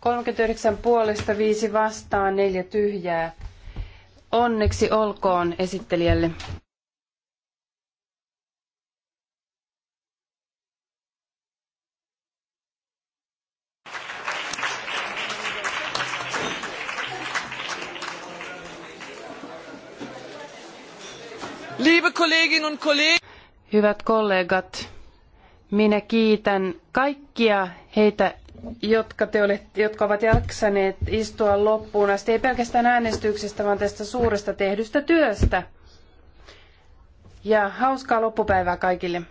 39 puolesta, 5 vastaan, 4 tyhjää. Onneksi olkoon esittelijälle. Liebe Kolleginnen und Kollegen, Hyvät kollegat, minä kiitän kaikkia heitä jotka, te olette, jotka ovat jaksaneet istua loppuun asti, ei pelkästään äänestyksestä, vaan tästä suuresta tehdystä työstä. Ja hauskaa loppupäivää kaikille.